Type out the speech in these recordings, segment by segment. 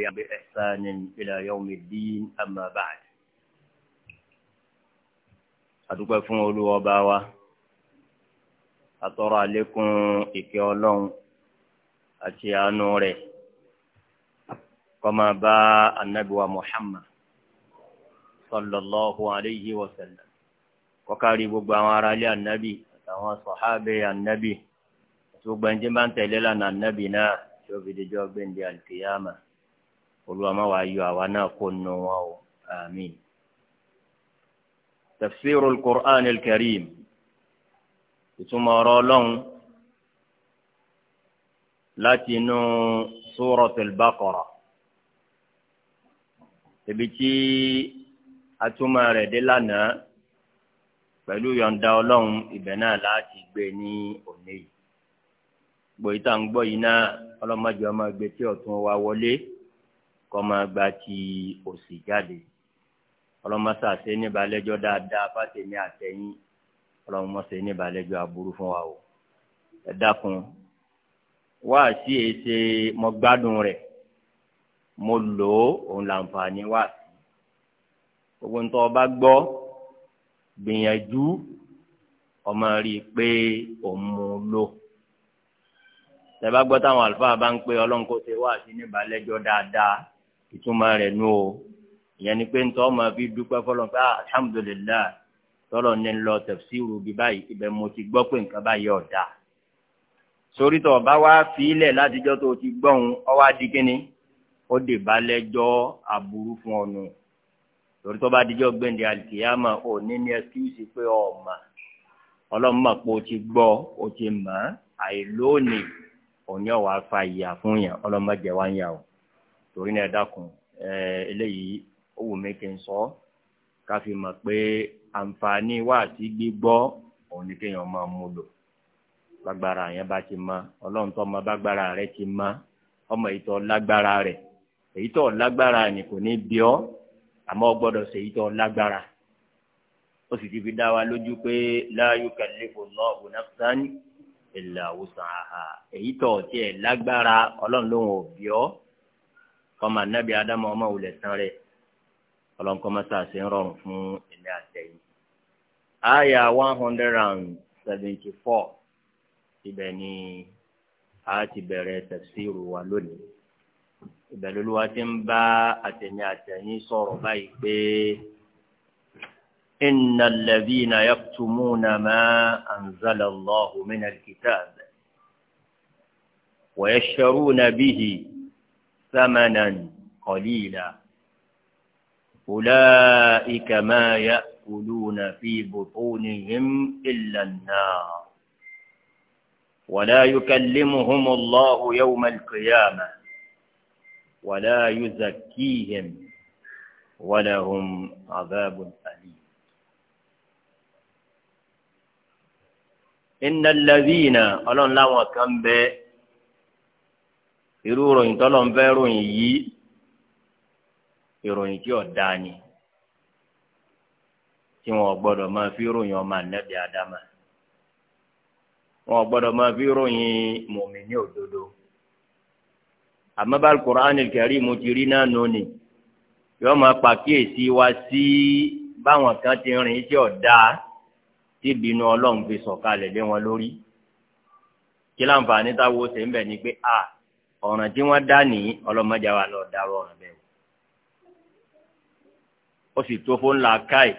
واتبع بإحسان إلى يوم الدين أما بعد adúpẹ́ fún Olúwa Ọba wa atọrọ àlékún ìkẹ́ Ọlọ́run àti àánú rẹ̀ kó máa bá Ànábì wa Muhammad sallallahu alayhi wa sallam kó kárí gbogbo àwọn ará ilé Ànábì àtàwọn sọhábẹ Ànábì àti gbogbo ẹni tí ń bá ń tẹ̀lé lánàá Ànábì náà tí ó fi dijọ́ gbẹ̀ǹdẹ̀ àlùkìyàmà olúwa má wàá yọ àwa náà kó nù wọn o àmín. tafsir al-qur'an al-karim ìtumọ̀ ọ̀rọ̀ ọlọ́run láti inú surat al-baqara ibi tí atúmọ̀ rẹ̀ dé lánàá pẹ̀lú yọ̀ǹda ọlọ́run ibẹ̀ náà láti gbé ní òní gbòyìí tá à ń gbọ́ yìí náà ọlọ́mọdé ọmọ ẹgbẹ́ tí ọ̀tún wa wọlé kọ́ máa gba ti òsì jáde ọlọ́mọṣà ṣe níbalẹ́jọ́ dáadáa bá tèmi àtẹ̀yìn ọlọ́mọṣà níbalẹ́jọ́ aburú fún wa o ẹ dákun wá sí èsè mo gbádùn rẹ̀ mo lò ó òun làǹfààní wá sí gbogbo nítorí ọba gbọ́ gbìyànjú ọmọ rí i pé òun mú un lò tẹ́bá gbọ́ táwọn àlùfáà bá ń pè ọlọ́run wá sí níbalẹ́jọ́ dáadáa ìtumọ̀ rẹ̀ nù o ìyẹn ni pé ntọ́ ma fi dúpẹ́ fọlọ́ pé ah, alhamdulilayi tọ́lọ̀ ní lọ tafsiru bí báyìí ibẹ̀ mo ti gbọ́ pé nǹkan báyìí ọ̀dà sorítọ̀ bá wá fílẹ̀ látijọ́ tó ti gbọ́hùn ọwá di kínní ó dè bá lẹ́jọ́ aburú fún ọ̀nù sorítọ́ bá dijọ́ gbẹ̀ndẹ̀ alikiyama ò ní ní ẹsikúùsì pé ọ̀ma ọlọ́mọ pé o ti gbọ́ o ti mọ̀ àìlónìí òun yóò wá fa ìyà fún yàn ọlọ́mọ jẹ wá ń yà o torí náà dákun eléyìí ó wù mí kí n sọ ká fi mọ̀ pé àǹfààní wà sí gbígbọ́ òun ni kéèyàn máa mú lò bágbára yẹn bá ti mọ ọlọ́run tó mọ bágbára rẹ ti mọ ọmọ èyí tó lágbára rẹ èyí tó lágbára ni kò ní bí ọ àmọ́ ọ gbọ́dọ̀ ṣe èyí tó lágbára ó sì ti fi dá wa lójú pé la yukallifullahu nafsan illa wus'aha èyí tó tiẹ̀ lágbára ọlọ́run ló ń bí ọ kọ́mọ anábì adamu ọmọ wulẹ̀ sàn rẹ̀ ọlọ́nkọ́mọ sàṣẹ ń rọrùn fún ẹ̀mí àtẹ̀yìn. àyà one hundred and seventy four ibẹ̀ ni a ti bẹ̀rẹ̀ tafsiru wa lónìí. ìbẹ̀rẹ̀ olúwa ti ń bá àtẹ̀yìn àtẹ̀yìn sọ̀rọ̀ báyìí pé. إن الذين يكتمون ما أنزل الله من الكتاب ويشترون به ثمنا قليلا أولئك ما يأكلون في بطونهم إلا النار ولا يكلمهم الله يوم القيامة ولا يزكيهم ولهم عذاب أليم إن الذين قالوا لا كم به irú ròyìn tọ́lọ̀ ń fẹ́ ròyìn yìí ìròyìn tí ò dáa ni tí wọn gbọ́dọ̀ máa fi ròyìn ọmọ ànẹ́bí adama wọn gbọ́dọ̀ máa fi ròyìn mùmíní òdodo àmọ́ bá Al-Qur'anil Karim mo ti rí náà lónìí yóò máa pàkíyèsí wa sí báwọn kan ti rìn tí ò dáa tí ìbínú Ọlọ́run fi sọ̀kalẹ̀ lé wọn lórí kí láǹfààní táwo ṣe ń bẹ̀ ni pé a. Ah, ọ̀ràn tí wọ́n dá ní ọlọ́mọdé wa lọ dárò ọ̀ràn bẹ́ẹ̀ o ó sì tó fún ńlá káì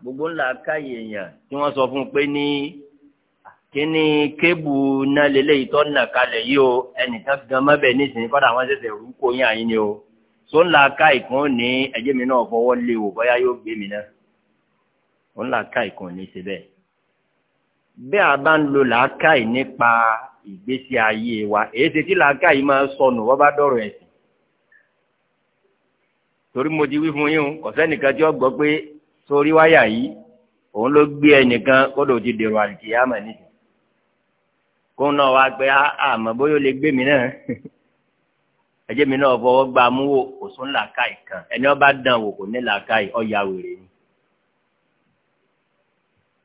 gbogbo ńlá káì èèyàn tí wọ́n sọ fún un pé ní kíní kébù náà lélẹ́yìí tó nà kalẹ̀ yìí o ẹnìkan gan mọ́bẹ̀ nísìnyí kọ́dà wọ́n ṣẹ̀ṣẹ̀ rú kó yín àyín ni o tó ńlá káì kan ní ẹ̀jẹ̀ mi náà fọwọ́ lé o bóyá yóò gbé mi náà ńlá káì kan ní ṣe bẹ́ẹ̀ bí a bá ń lo làákàyè nípa ìgbésí ayé wa èyí ṣe tí làákàyè máa sọnù wọ́n bá dọ̀rọ̀ ẹ̀sìn torí mo ti wí fún yín kò sẹ́nìkan tí ó gbọ́ pé sórí wáyà yìí òun ló gbé ẹnìkan kódò ti dèrò àlùkìyàmọ̀ nìyí kó náà wá pé àmọ́ bóyá ó lè gbé mi náà ẹjẹ mi náà fọwọ́ gba amúwò kò sún làákàyè kan ẹni ọba dán wò kò ní làákàyè ọ̀ya wèrè ni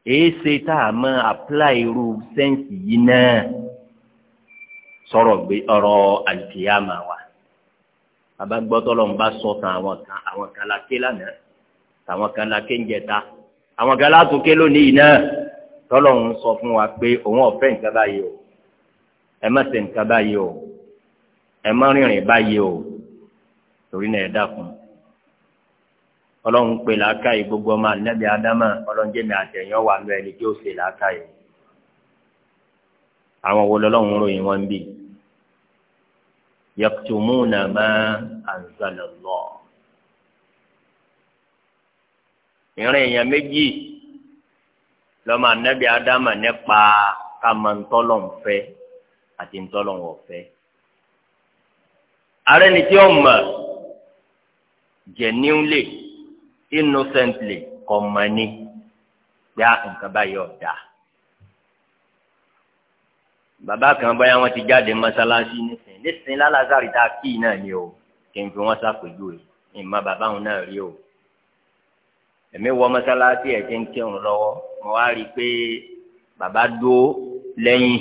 ese tá a apply irú sẹ́ǹsì yìí náà sọ̀rọ̀ gbé ọ̀rọ̀ àlùkìyàmà wa bàbá gbọ́tọ̀ lọ́n bá sọ àwọn kan àwọn kan la lánàá tàwọn kan la ń jẹta àwọn kan lónìí yìí náà tọ́lọ̀ wa pé òun ọ̀fẹ́ nǹkan báyìí o ẹ má o ẹ má rìnrìn o torí náà ẹ ọlọ́run pè láàka yìí gbogbo ọmọ ànábì ádámà ọlọ́run jẹ́mi àtẹ̀yìn wà lọ ẹni tí ó ṣe láàka yìí àwọn wo lọ́lọ́run ròyìn wọn bí yaktumuna ma anzalallah ìrìn èèyàn méjì lọ́mọ ànábì ádámà nípa kàmá ntọ́lọ̀ nfẹ́ àti ntọ́lọ̀ ọ̀fẹ́ ààrẹ ni tí ó mọ̀ jẹ̀ níwúlẹ̀ innocently kọ mọ ni gbá nǹkan báyìí ọ̀dà bàbá kan báyà wọn ti jáde mọ́sálásí nísìnyí nísìnyí lálàzárì tá a kì í náà ni o kí n fi wọn ṣàpèjúwe ìmọ̀ bàbá òun náà rí o èmi wọ mọ́sálásí ẹ̀ ti ń kírun lọ́wọ́ mo wá rí i pé bàbá dúró lẹ́yìn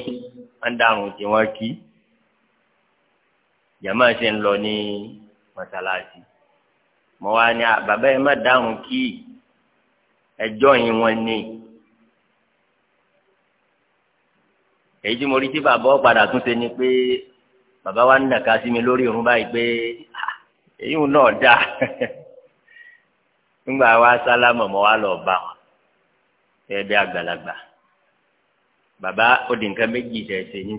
wọ́n dàrún tí wọ́n kí jàmáà ṣe ń lọ ní mọ́sálásí mo wá ní bàbá yìí má dáhùn kí ẹjọ́ yìí wọ́n ní. èyí tí mo rí tí bàbá ọ̀padà tún ṣe ni pé bàbá wa ń nàka sí mi lórí irun báyìí pé èyí ń náà dá nígbà wa sálámọ̀ mo wá lọ bá wọn ẹ bí àgbàlagbà bàbá ó di nǹkan méjì ṣẹ̀ṣẹ̀ ní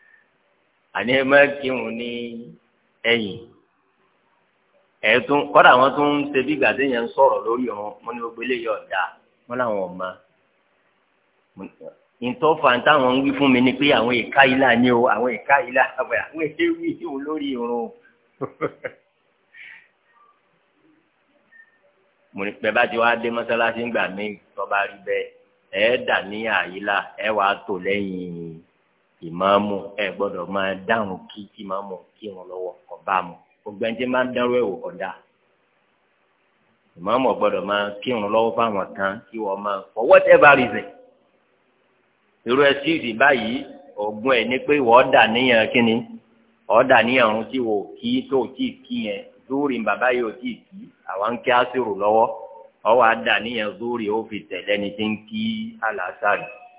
àní ẹ má kírun ní ẹ̀yìn ẹ̀ẹ́dún kọ́dà wọn tún ń ṣe bí gbàdé yẹn ń sọ̀rọ̀ lórí ọ̀hún mo ní gbogbo eléyìí ọ̀dà wọn làwọn ọ̀ma ìtọ́fà táwọn ń wí fún mi ni pé àwọn ìka ilá ni o àwọn ìka ilá àwọn èké wí o lórí irun mo ní pẹ́ bá ti wá dé mọ́sálásí ńgbà mí tọ́ba rí bẹ́ẹ̀ ẹ̀ dà ní àyílà ẹ̀ wàá tò lẹ́yìn ìmáàmù ẹ̀ gbọ́dọ̀ máa dáhùn kí ìmáàmù kí wọn lọ́wọ́ kọ́ mu. gbogbo ẹni tí máa ń dárú ẹ̀wò kọ̀dá ìmáàmù ọ̀gbọ́dọ̀ máa kírun lọ́wọ́ fáwọn kan kí wọ́n máa for whatever reason irú ẹsíìsì báyìí ogun ẹ̀ ní pé wọ́n dà níyàn níyàn ọ̀run tí wò kí tó tí kí yẹn zúrì bàbá yìí ò tí kí àwọn ń kí ni tí ń kí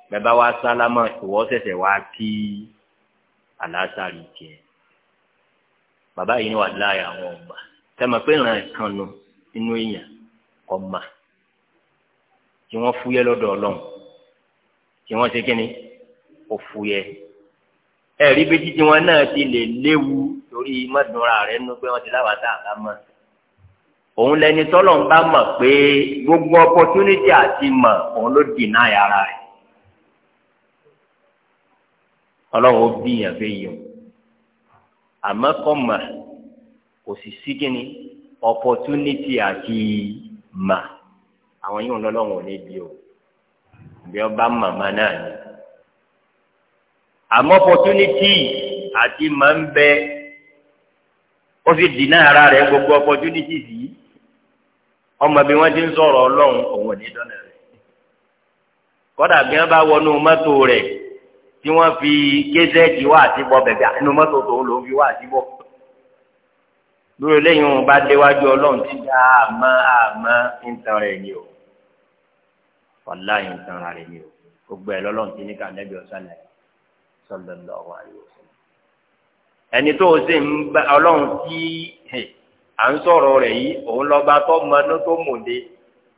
bẹ́ẹ̀ bá wá sálámà bàbá yìí ni wà láàyè àwọn ọgbà tẹmọ pé ràn kan nu inú èèyàn ọmọ tí wọn fúyẹ́ lọ́dọ̀ Ọlọ́run tí wọn ṣe kíni ó fúyẹ́ ẹ̀rí bí títí wọn náà ti lè léwu torí mọ́dúnra rẹ̀ nínú pé wọ́n ti láwàá tá a bá mọ̀. òun lẹni tọ́lọ̀ ń bá mọ̀ pé gbogbo opportunity àti mọ̀ òun ló deny ara rẹ̀. ọlọ́run ó bí yàn fẹ́ yìí o àmọ́ kọ́ mà kò sì sí kíni opportunity àti mà àwọn yóò lọ́lọ́wọ́n ò ní bí o bí wọ́n bá màmá náà ni àmọ́ opportunity àti mà ń bẹ ó fi dìnnà ara rẹ̀ gbogbo opportunity yìí ọmọ bí wọ́n ti ń sọ̀rọ̀ ọlọ́run òun ò ní dọ́nà rẹ̀ kódà bí wọ́n bá wọnú mọ́tò rẹ̀ tí wọ́n fi kézẹ́ẹ̀tì wá àtibọ̀ bẹ̀bẹ̀ inú mọ́tò tó ń lò ń fi wá àtibọ̀ lórí eléyìí wọn bá déwájú ọlọ́run tí a mọ̀ a mọ̀ nǹkan ni o wàlá nǹkan rẹ̀ ni o gbogbo ẹ̀ lọ́lọ́run tí ní ká nẹ́bí ọ̀sán náà sallallahu alaihi wasallam ẹni tó o sì ń bá ọlọ́run tí à ń sọ̀rọ̀ rẹ̀ yìí òun lọ́ba tó mọ ní tó mòde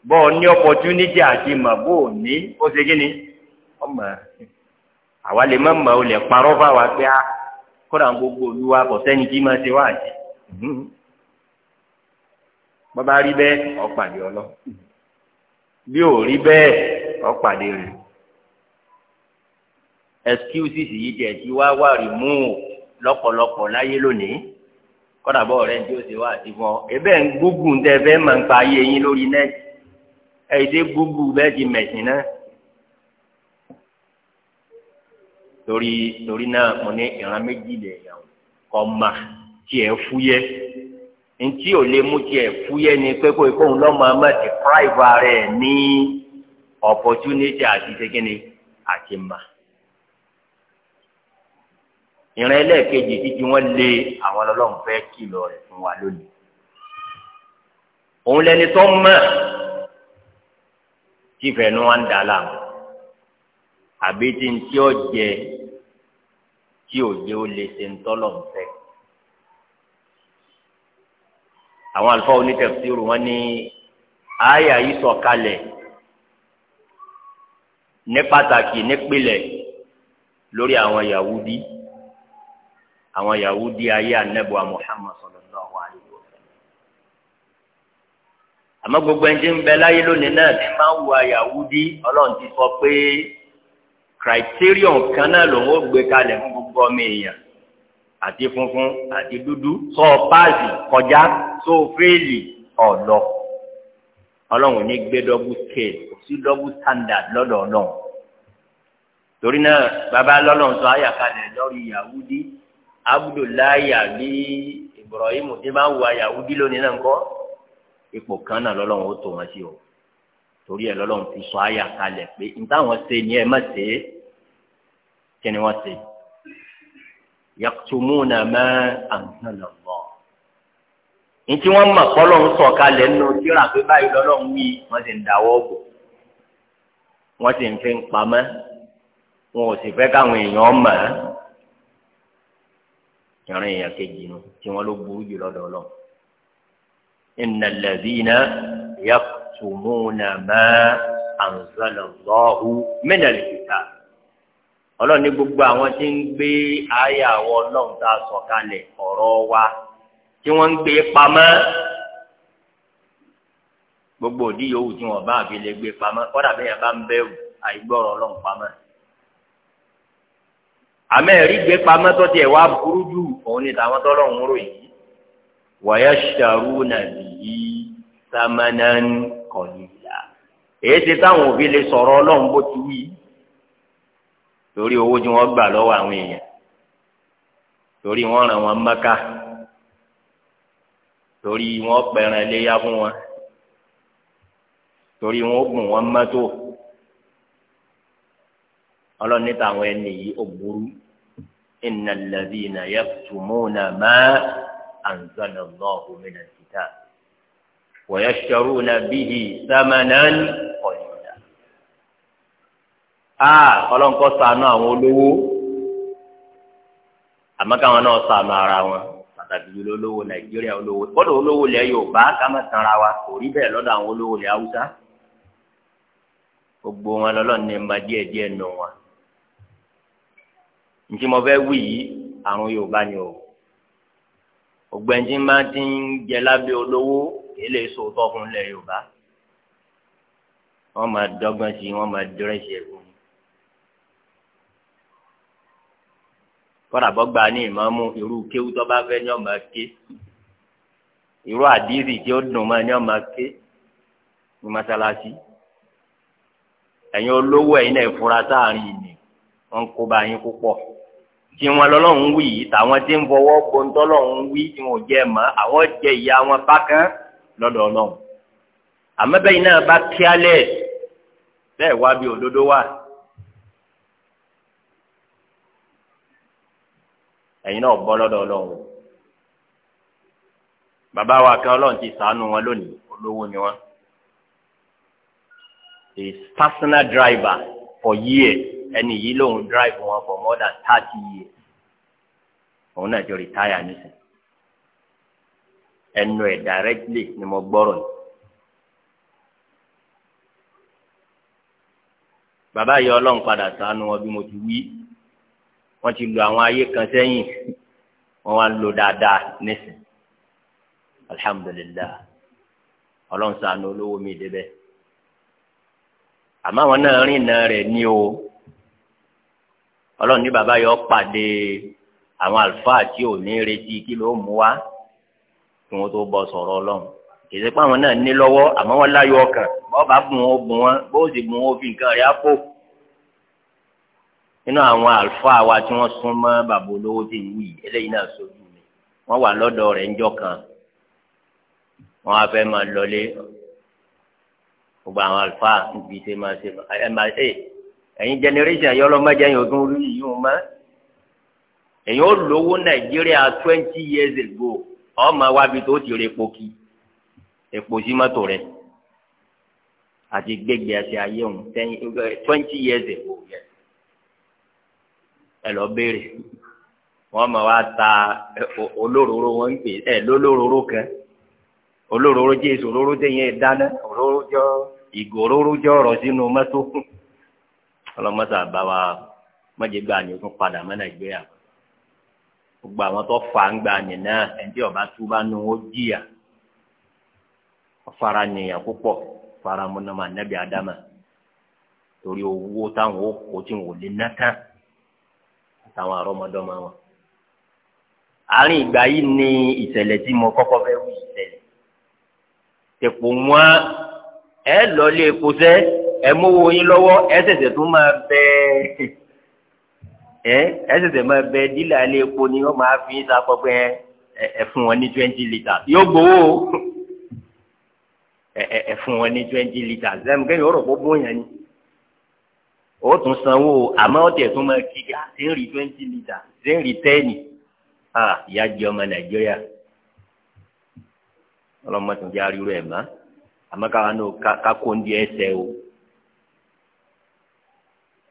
bọ́ ní opportunity àti mọ̀ bó o ní ó ṣe kí ni ọmọ àwa lè má mọ ọ lè parọ́ fún àwa pé a ah, kódà gbogbo olúwa kò sẹ́ni tí máa ṣe wá àjẹ hmm. bàbá rí bẹ́ẹ̀ ọ̀pàdé ọlọ́ bí ò rí bẹ́ẹ̀ ọ̀pàdé rẹ̀ excuses yìí jẹ́ ti wá wà rí mú lọ́pọ̀lọpọ̀ láyé lónìí kódà bọ́ rẹ̀ tí ó ṣe wá àti fún ọ ebẹ́ ń gúgùn tẹ́ fẹ́ máa ń pa ayé yín lórí nẹ́ẹ̀tì ẹ̀ ṣe gúgùn bẹ́ẹ̀ ti mẹ̀sìn náà. torí torí náà mo ní ìran méjì lè yàn kọ́ ma tiẹ̀ fúyẹ́ ntí o lè mú tiẹ̀ fúyẹ́ ni pé kó ikóhun lọ́mọ ọmọ ti private rẹ̀ ní opportunity àti ṣẹ́gínní àti ma ìran ẹlẹ́ẹ̀kejì títí wọ́n lé àwọn ọlọ́run fẹ́ kìlọ̀ rẹ̀ fún wa lónìí òun lẹni tó mọ̀ tí ìfẹ̀nu wa ń dà láàmú àbí tí ń tí ọ jẹ tí ò jẹ ó lè ṣe ń tọ́lọ̀ ń fẹ́. àwọn àlùfáà onítẹ̀síìrù wọn ní àyà yìí sọ̀kalẹ̀ ní pàtàkì nípìlẹ̀ lórí àwọn Yahudi àwọn Yahudi ayé anabu Muhammad sallallahu alaihi wa sallam àmọ́ gbogbo ẹni tí ń bẹ láyé lónìí náà ti máa ń wà Yahudi Ọlọ́run ti sọ pé criterion kan náà lòun ó gbé kalẹ̀ fún gbogbo ọmọ èèyàn àti funfun àti dúdú sọ páàsì kọjá sọ fẹ́ẹ̀lì ọ̀lọ́ ọlọ́run ní gbé double scale kò sí double standard lọ́dọ̀ ọlọ́run torí náà bàbá lọ́lọ́run sọ àyàkalẹ̀ lórí yahudi abdullahi àbí ibrahim tí bá wà yahudi lónìí náà ńkọ́ ipò kan náà lọ́lọ́run ó tó wọn sí o torí ẹ̀ lọ́lọ́run ti sọ àyàkalẹ̀ pé ní ṣe ni ẹ má ṣe é kí ni wọ́n ṣe yàtúmúnà mẹ́ àǹtánà lọ. ní tí wọ́n mọ̀ kọ́ lọ́hún sọ̀kalẹ̀ nínú tíra pé báyìí lọ́lọ́hún wí wọ́n sì ń dáwọ́ bò wọ́n sì ń fi ń pamọ́ wọn ò sì fẹ́ káwọn èèyàn mọ̀ ẹ́ èèyàn kejì nu tí wọ́n ló burú jù lọ́dọ̀ lọ. inna alladhina yàtúmúnà mẹ́ àǹtánà lọ́hún min alkitab ọlọ́run ní gbogbo àwọn tí ń gbé àyà àwọn ọlọ́run tá a sọ kalẹ̀ ọ̀rọ̀ wa tí wọ́n ń gbé pamọ́ gbogbo òdí yòówù tí wọ́n bá àfi lè gbé pamọ́ kọ́dà bí yẹn bá ń bẹ̀rù àìgbọ́rọ̀ ọlọ́run pamọ́. àmẹ́rí gbé pamọ́ tó tiẹ̀ wá burú jù òun ni tàwọn tọ́lọ́run ń ròyìn wàyàṣàrúnà bìí sàmánà kọ̀ọ̀lì ìlà èyí ti táwọn òbí lè sọ̀rọ̀ ọlọ́run bó ti wí yìí torí owó tí wọ́n gbà lọ́wọ́ àwọn èèyàn torí wọ́n ràn wọ́n Mẹ́kà torí wọ́n pẹ̀rẹ̀ léyà fún wọn torí wọ́n gùn wọ́n mọ́tò ọlọ́ni táwọn ẹni yìí ó burú innal ladhina yaktumuna ma anzala Allahu minal kitab wa yashtaruna bihi thamanan qalila a ọlọ́run kó ṣàánú àwọn olówó àmọ́ káwọn náà ṣàánú ara wọn pàtàkì jùlọ olówó nàìjíríà olówó kọ́dọ̀ olówó ilẹ̀ yorùbá ká má tanra wa kò rí bẹ́ẹ̀ lọ́dọ̀ àwọn olówó ilẹ̀ haúsá gbogbo wọn lọ́lọ́run ní ma díẹ̀ díẹ̀ nù wọn ntí mo fẹ́ wí yìí àrùn yorùbá ni o ògbẹ́njí máa ti ń jẹ lábẹ́ olówó kì í lè so tọ́ fún ilẹ̀ yorùbá wọ́n máa dọ́gbọ́n sí wọ́n máa dírẹ́sì ẹ̀kún kọ́ra bọ́gba ní ìmọ̀mú irú kéwú tó bá fẹ́ ní ọmọ ké irú àdírì tí ó dùn mọ́ ní ọmọ ké ní mọ́sálásí ẹ̀yin olówó ẹ̀yin náà fura sáàrin ìní wọ́n ń kó bá yín púpọ̀ tí wọn lọ́lọ́run wí yìí tàwọn tí ń fọwọ́ gbóńtọ́lọ́run wí tí wọn ò jẹ mọ́ àwọn jẹ ìyá wọn bákan lọ́dọ̀ ọlọ́run àmọ́ bẹ́yìn náà bá kíálẹ̀ bẹ́ẹ̀ wá bí òdodo wà ẹ̀yin náà bọ́ lọ́dọ̀ ọlọ́run bàbá wa kan ọlọ́run ti ṣàánú wọn lónìí olówó ni wọn a personal driver for years ẹni yìí lòun drive wọn for more than thirty years òun náà ti retire nísìnyí ẹnu ẹ̀ directly ni mo gbọ́rọ̀ yìí. bàbá yìí ọlọ́run padà ṣàánú wọn bí mo ti wí wọ́n ti lo àwọn ayé kan sẹ́yìn wọ́n wá ń lo dáadáa nísìn alhamdulilah ọlọ́run ṣàánú olówó mi débẹ̀ àmọ́ àwọn náà rìn náà rẹ̀ ní o ọlọ́run ní bàbá yọ pàdé àwọn àlùfáà tí ò ní retí kí ló mú wá kí wọ́n tó bọ́ sọ̀rọ̀ ọlọ́run kìí àwọn náà ní lọ́wọ́ àmọ́ wọ́n láyọ̀ ọkàn bọ́ọ̀ bùn ó bùn wọn bó sì bùn ó fi nǹkan rẹ̀ á pò nínú àwọn àlùfáà wa tí wọ́n sún mọ́ bàbá olówó tí ń wí eléyìí náà sojú mi wọ́n wà lọ́dọ̀ rẹ̀ ńjọ́ kan wọ́n á fẹ́ máa lọlé gbogbo àwọn àlùfáà níbi ṣe máa ṣe ẹ máa ṣe ẹ̀yin generation ẹ̀yọ́ ọlọ́mọdé ẹ̀yin ọdún orí yìí wọ́n mọ́ ẹ̀yin ó lówó nàìjíríà twenty years ago ọmọ wábi tó ti rè epo kí epo sí mọ́tò rẹ̀ àti gbégbé ẹsẹ̀ ayé òun twenty years ago yẹn. ẹ béèrè wọn mọ wa ta olóróró wọn ń pè ẹ lólóróró kan olóróró jẹ èso jẹ yẹn dáná olóróró jọ ìgò olóróró jọ sínú mọ́tò ọlọmọsà bá wa gba ni o tún padà mọ nàìjíríà gbogbo àwọn tó fà ń náà ọba bá nu ó jìyà fara anabi adama torí owó táwọn ó kó tí wọn ò lè ná àtàwọn àrọ́mọdọ́mọ wọn. àárín ìgbà yìí ni ìṣẹ̀lẹ̀ tí mo kọ́kọ́ fẹ́ wí ìṣẹ̀lẹ̀. èpò wọn ẹ lọ lé epo sẹ́ ẹ mówó yín lọ́wọ́ ẹ ṣẹ̀ṣẹ̀ tún máa bẹ ẹ ẹ ṣẹ̀ṣẹ̀ máa bẹ dílà ilé epo ni wọ́n máa fi ń sapọ̀ pé ẹ fún wọn ní twenty litres yóò gbowó ẹ ẹ fún wọn ní twenty litres ẹ mú kẹ́yìn ọ̀rọ̀ gbogbo yẹn ni ó tún sanwó àmọ́ ó tẹ̀ máa kí ká ṣé ń rí twenty litre ṣé ń rí ten ìyá jẹ ọmọ nàìjíríà ọlọ́mọ arírò ẹ̀ mọ́ àmọ́ káwa náà kákó ń di ẹsẹ̀ o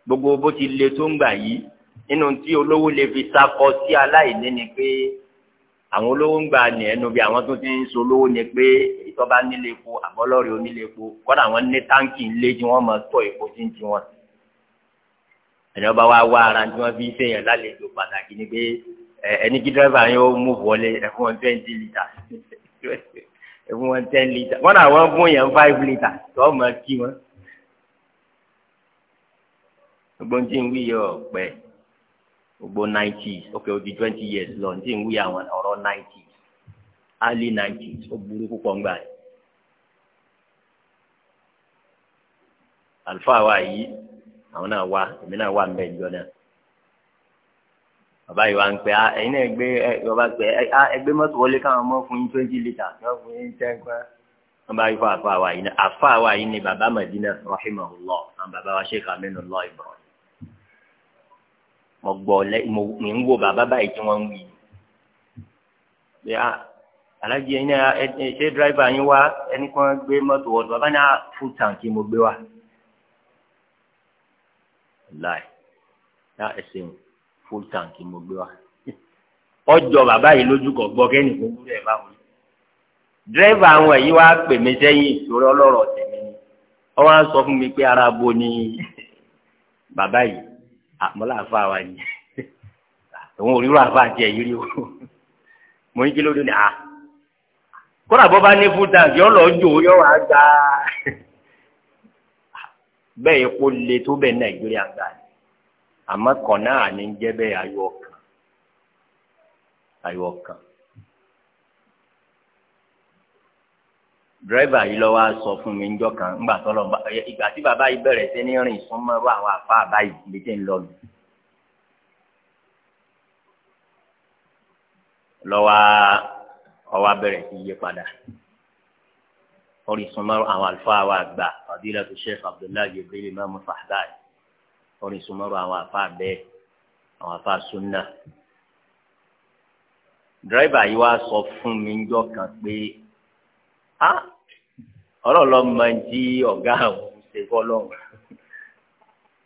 gbogbo bó ti le tó ń gbà yìí nínú tí olówó lè fi sakọ sí aláìní ni pé àwọn olówó ń gbà ní ẹnu bí àwọn tó ti ń solówó ni pé ìtọ́ba nílé epo àbọ́lọ́rẹ̀ onílé epo kọ́dà wọ́n ní táǹkì ńlé tí wọ́n máa tọ́ epo tí ń ti wọn sí ẹni ọba wa wá ara tí wọn fi ṣe yẹn lálejò pàtàkì ni pé ẹni kí dírẹ́fà yẹn ó mú wọlé ẹfún wọn twenty litre ẹfún wọn ten litre wọn náà wọn fún yẹn five litre tó ọmọ kí wọn. gbogbo ní tí ń wí yẹ ọ̀pẹ gbogbo nineties ok o di twenty years lọ ní tí ń wí àwọn ọ̀rọ̀ nineties early nineties ó burú púpọ̀ ńgbà yẹn. àlùfáà wa yìí àwọn náà wá èmi náà wà mbẹ ìjọ náà bàbá yìí wá ń pè á ah, ẹ̀yin náà gbé bàbá pè á ẹgbẹ́ mọ́tò wọlé káwọn ọmọ fún yín twenty litre wọn fún yín ten kwan wọn bá yí fún àfa àwa yìí náà àfa àwa yìí ni bàbá Madina rahimahullah àwọn bàbá wa Sheikh Aminullah Ibrahim mo gbọ́ lẹ mo ń wo bàbá báyìí tí wọn ń wí bí ah, alájí ẹ̀yin náà ṣé dírẹ́fà yín wá ẹnì kan gbé mọ́tò wọlé bàbá náà fún tàǹkì mo gbé wá láì ná ẹsẹ̀ full tank mo gbé wa ọjọ́ bàbá yìí lójú kọ gbọ́ kẹ́ni kó wúlò ẹ̀ bá wọlé dírẹ́fà àwọn èyí wá pè mí sẹ́yìn ìṣòro ọlọ́rọ̀ tèmi ni wọ́n wá sọ fún mi pé ara bo ni bàbá yìí àmọ́lá àfa wa ni òun ò rí rà fáà tiẹ̀ yìí rí o mo ní kí ló dé ní a kódà bọ́ bá ní full tank yọ lọ́ọ́ jò yọ wá gbà bẹ́ẹ̀ yẹ kó le tó bẹ́ẹ̀ nàìjíríà gbà ní àmọ́ kàn náà ní jẹ́ bẹ́ẹ̀ ayọ̀ ayọ̀ kan. dírẹ́fà yìí sọ fún mi níjọ́ kan ńgbà tó lọ ìgbà tí bàbá yìí bẹ̀rẹ̀ sí ní rìn súnmọ́ ńlọ lọ́wọ́ ọwọ́ abẹ́rẹ́ orí sùnmọ́rọ́ àwọn àlùfáà wa àgbà fadilatu sheikh abdullahi jibril imaamu fahbad orí sùnmọ́rọ́ àwọn àfáà bẹ́ẹ̀ àwọn àfáà sunna. dírẹ́bà yìí wá sọ fún mi ńjọ́ kan pé a ọ̀rọ̀ lọ máa ń jí ọ̀gá àwọn ṣe fọ́lọ́hún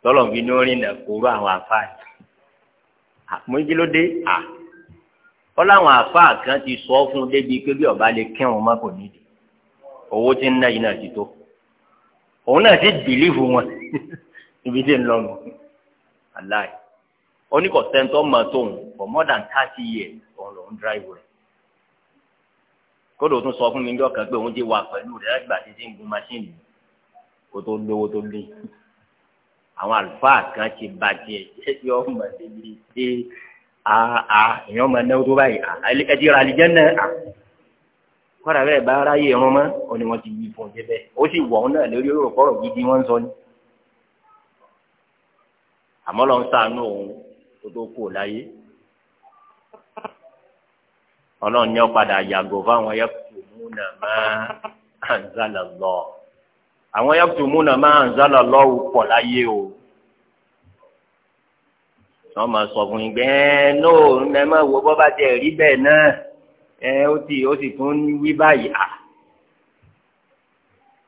tọ́lọ́hún fi ní orin náà kóró àwọn àfáà yìí àpọ́njúlódé à wọ́n láwọn àfáà kan ti sọ fún débi pé bí ọba lè kírun mọ́ kò nídìí owó tí ń ná yìí náà ti tó òun náà ti bìlífù wọn ibi tí ń lọ nù aláì oníkọ̀sẹ́ńtọ́ mọ̀ tóun for more than thirty years òun lòún dráìwò rẹ̀ kódò tún sọ fún mi ní ọkàn pé òun ti wà pẹ̀lú rẹ̀ láti gbà títí ń gun máṣíìnì kó tó lówó tó lé àwọn àlùfáà kan ti bàjẹ́ ẹ ti ọmọ ẹ ti di ṣe àà èèyàn máa náwó tó báyìí àà ah, ẹ ti ra náà àà. Ah kọ́ra bẹ́ẹ̀ bá aráyé irun mọ́ ó ní ti yí fún un ó sì wọ̀ ọ́n náà lórí ọ̀rọ̀ kọ́rọ̀ gidi wọ́n ń sọ ni. àmọ́ lọ́n sànú òun tó tó kù láyé ọlọ́run ní ọ̀padà yàgò fáwọn yẹ́kùtùmúnà máa ànzálà lọ àwọn yẹ́kùtùmúnà máa ànzálà lọ pọ̀ láyé o wọ́n máa sọ fún yín gbẹ́ẹ́ nóò ẹ má wo bọ́ bá tẹ̀ rí bẹ́ẹ̀ náà ẹ ó ti ó sì tún wí báyìí à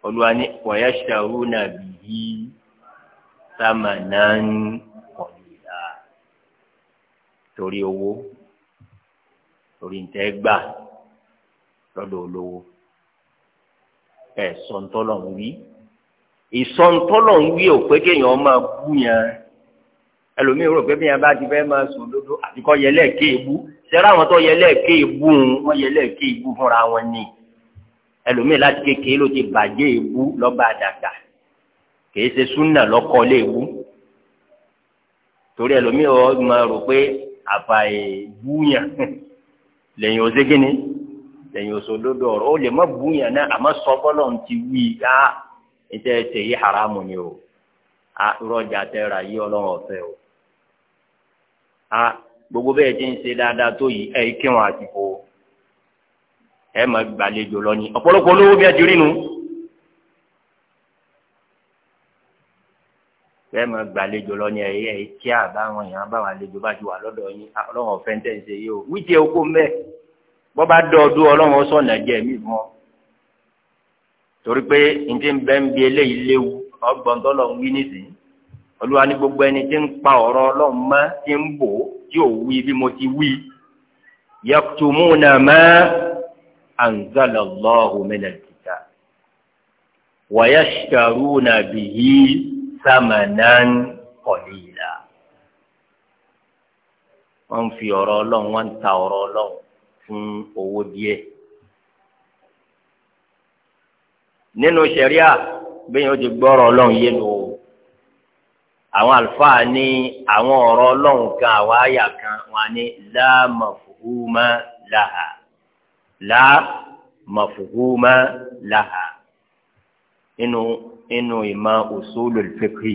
olùwà ni wọ̀nyẹ́ ṣàrú nàbì yìí sáàmà náà ń kọ̀lìlà torí owó torí ntẹ́ gbà lọ́dọ̀ olówó ẹ̀ sọ̀ntọ́lọ̀ ń wí ìsọ̀ntọ́lọ̀ ń wí ò pé kéèyàn máa bú yẹn ẹlòmíràn rò pé bí bá ti fẹ́ máa sùn lódò àti kọ́ yẹlẹ́ kéèbú sẹ́rẹ́ àwọn tó yẹ lẹ́ẹ̀kẹ́ ìbú wọn yẹ lẹ́ẹ̀kẹ́ ìbú fúnra wọn ni ẹlòmíì láti kékeré ló ti bàjẹ́ ìbú lọ́ba àdàgbà kìí ṣe súnà lọ́kọ́ lé ìbú torí ẹlòmíì ọ máa rò pé àbà ìbúyàn lẹ́yìn òṣèkínní lẹ́yìn òṣòdodo ọ̀rọ̀ ó lè má búyàn náà àmọ́ sọ ń ti wí á ètò ẹsẹ̀ yìí haramu ni o rọjà tẹ́ra yí ọlọ́run ọ̀fẹ́ o a gbogbo bẹ́ẹ̀ ti ń ṣe dáadáa tó yìí ẹ̀ kí wọn àsìkò ẹ̀ máa gbàlejò lọ ní ọ̀pọ̀lọpọ̀ olówó bí ẹ ti rí nu. ẹ máa gbàlejò lọ́ni ẹ̀yẹ ìkí àbáwọn èèyàn báwọn àlejò bá ti wà lọ́dọ̀ yín ọlọ́run ọ̀fẹ́ ń tẹ̀sẹ̀ yìí o wíjẹ oko mẹ́ bọ́ bá dọ̀ọ́dún ọlọ́run ọ̀sọ̀nà jẹ́ mí fún torí pé n ti bẹ́ ń bi eléyìí léwu ọgbọ̀n tí ò wí bí mo ti wí yaktumuna ma anzala Allahu minal kitab wa yashtaruna bihi samanan qalila wọ́n fi ọ̀rọ̀ Ọlọ́run wọ́n ta ọ̀rọ̀ Ọlọ́run fún owó díẹ̀ nínú ṣẹ̀ríà bẹ́ẹ̀ yẹn ti gbọ́rọ̀ Ọlọ́run yé lò àwọn àlùfáà ní àwọn ọ̀rọ̀ ọlọ́run kan àwọn àyà kan wọn ní láàmàfùhùmá làhà láàmàfùhùmá làhà inú inú ìmọ̀ usulul fiqhi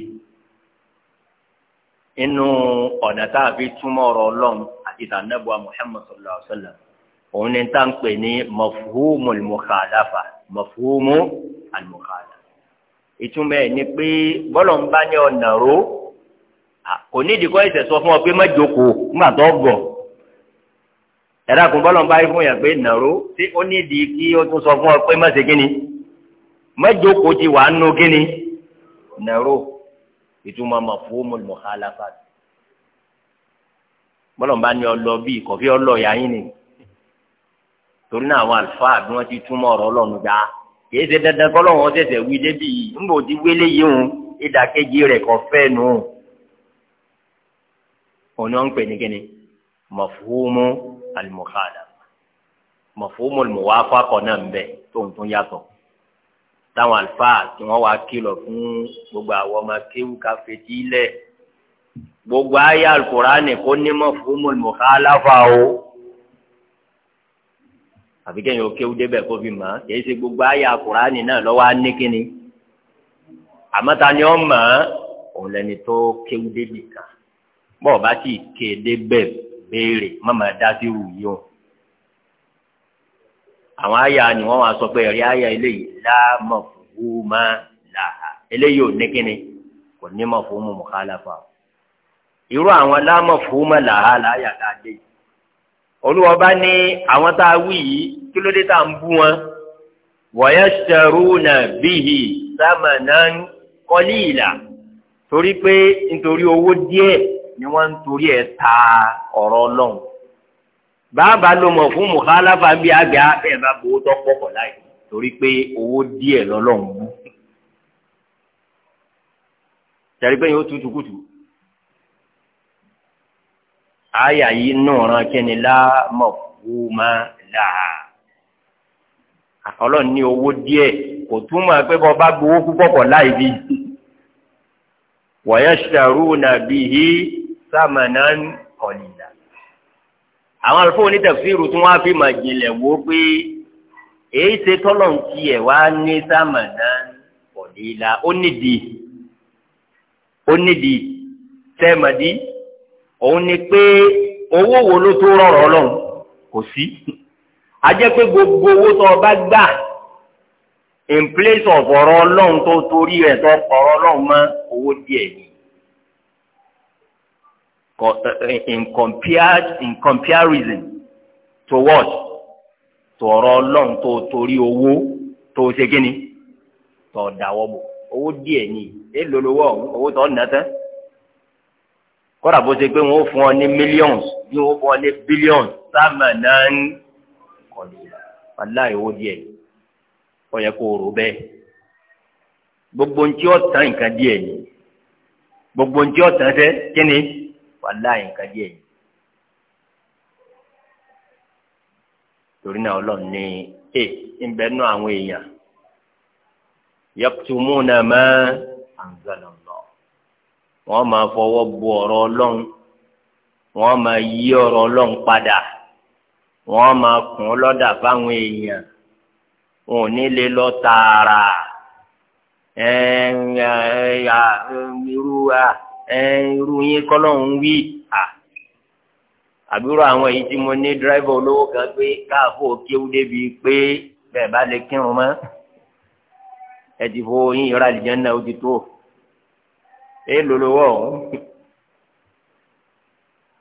inú ọ̀nà tá a fi túmọ̀ ọ̀rọ̀ ọlọ́run àti tànàbùwà Muhammad sallallahu alaihi wa sallam òun ni tá ní mafhumul mukhalafa mafhumu al ìtumọ̀ ẹ̀ ni pé bọ́lọ̀ ń bá ní ọ̀nà ró kò nídìí kọ́ ẹ̀sẹ̀ sọ fún ọ pé má jókòó nígbà tó gọ̀ ẹ̀dá kun bọ́lọ̀ ń bá yí fún yàn pé nàró tí ó nídìí kí ó tún sọ fún ọ pé má ṣe kíni má jókòó ti wà á nú kíni nàró ìtumọ̀ mafhumul mukhalafat bọ́lọ̀ ń bá ní ọlọ bíi kọ̀fí ọlọ yín ni torí náà àwọn àlùfáà bí wọ́n ti túmọ̀ ọ̀rọ̀ ọlọ́run dáa kìí ṣe dandan kọ́ lọ́wọ́ ṣẹ̀ṣẹ̀ wí débi yìí ńbò ti wélé yìí òun ìdàkejì rẹ̀ kọ́ fẹ́ nù. òní wọn ń pè ní kíni mọ̀fúnmú àlùmọ̀kàdà mọ̀fúnmú àlùmọ̀wáfà kọ̀ náà ń bẹ̀ tóun tún yàtọ̀ táwọn àlùfáà tí wọ́n wá kìlọ̀ fún gbogbo àwọn ọmọ kéwù ká fetí lẹ̀ gbogbo àyá Al-Kùránì kó ní mọ̀fúnmú àlùmọ̀kàdà fà ó àfi kẹ́yìn òkè ó débẹ̀ kó fi mọ̀ ọ́ kìí ṣe gbogbo àyà kùránì náà lọ́wọ́ á ní ni ọ́ mọ̀ ọ́ òun lẹni tó kéwú débì kan bọ́ ọ bá sì ké débẹ̀ béèrè mọ́mọ́ dá sí rù o àwọn àyà ni wọ́n wá sọ pé ẹ̀rí àyà eléyìí láàmọ̀ fún ma là eléyìí ò ní kíni kò ní mọ̀ fún mu mùkálàfà irú àwọn láàmọ̀ fún ma là á láyà tá dé yìí olúwa bá ní àwọn tá a wí yìí kí ló dé tá à ń bú wọn wayashtaruna bihi samanan qalila torí pé nítorí owó díẹ̀ ni wọ́n ń torí ẹ̀ ta ọ̀rọ̀ ọlọ́run bàbá ló mọ̀ fún mùkálàfà bí àgbà bẹ́ẹ̀ bá bò tọ́pọ̀ kọ̀ láì torí pé owó díẹ̀ lọ́lọ́run bú tẹ̀rí pé yóò tutù kùtù Aya yìí nùràn kíni láàmọ̀ kú máa là á ọlọ́run ní owó díẹ̀ kò túmọ̀ pé bọ́ bá gbowó púpọ̀ pọ̀ láì bí wa yashtaruna bihi samanan qalila àwọn àlùfáà onítẹ̀fíìrù tí wọ́n á fi mà jìnlẹ̀ wò ó pé èyí ṣe tọ́lọ̀ ń tiẹ̀ wá ní samanan qalila ó nídìí ó nídìí sẹ́mọ̀dí òun ni pé owó wo ló tó rọrọ Ọlọ́run kò sí a jẹ́ pé gbogbo owó tó o bá gbà in place of ọ̀rọ̀ Ọlọ́run tó torí rẹ̀ tó ọ̀rọ̀ Ọlọ́run mọ́ owó díẹ̀ ni eh, in compare in comparison to what to ọ̀rọ̀ Ọlọ́run tó torí owó tó ṣe kíni tó dáwọ́ bò owó díẹ̀ ni èlò lówó ọ̀hún owó tó ń nà tán kọ́ra bó ṣe pé wọ́n ó fún ọ ní millions bí wọ́n ó fún ọ ní billions sáàmà náà ń kọ̀lé wàláì owó díẹ̀ ó yẹ kó rò bẹ́ẹ̀ gbogbo ntí ọ̀tàn nǹkan díẹ̀ ni gbogbo ntí ọ̀tàn fẹ́ kíni wàláì nǹkan díẹ̀ ni torí náà ọlọ́run ní e ń bẹ́ẹ̀ nú àwọn èèyàn yẹ́pùtùmù náà máa ń gbà náà. wọ́n máa fọwọ́ bu ọ̀rọ̀ ọlọ́run wọ́n máa yí ọ̀rọ̀ ọlọ́run padà wọ́n máa kùn lọ́dà fáwọn èèyàn wọn ò ní lè lọ tààrà irú irú yín kọ́lọ́hún wí àbúrò àwọn èyí tí mo ní dírẹ́fà olówó kan pé káàfó kéwú débi pé bẹ́ẹ̀ bá lè kírun mọ́ ẹ ti fowó yín ìrọ̀ àlìjẹ́ náà ó ti tó èèlò lówó ọ̀hún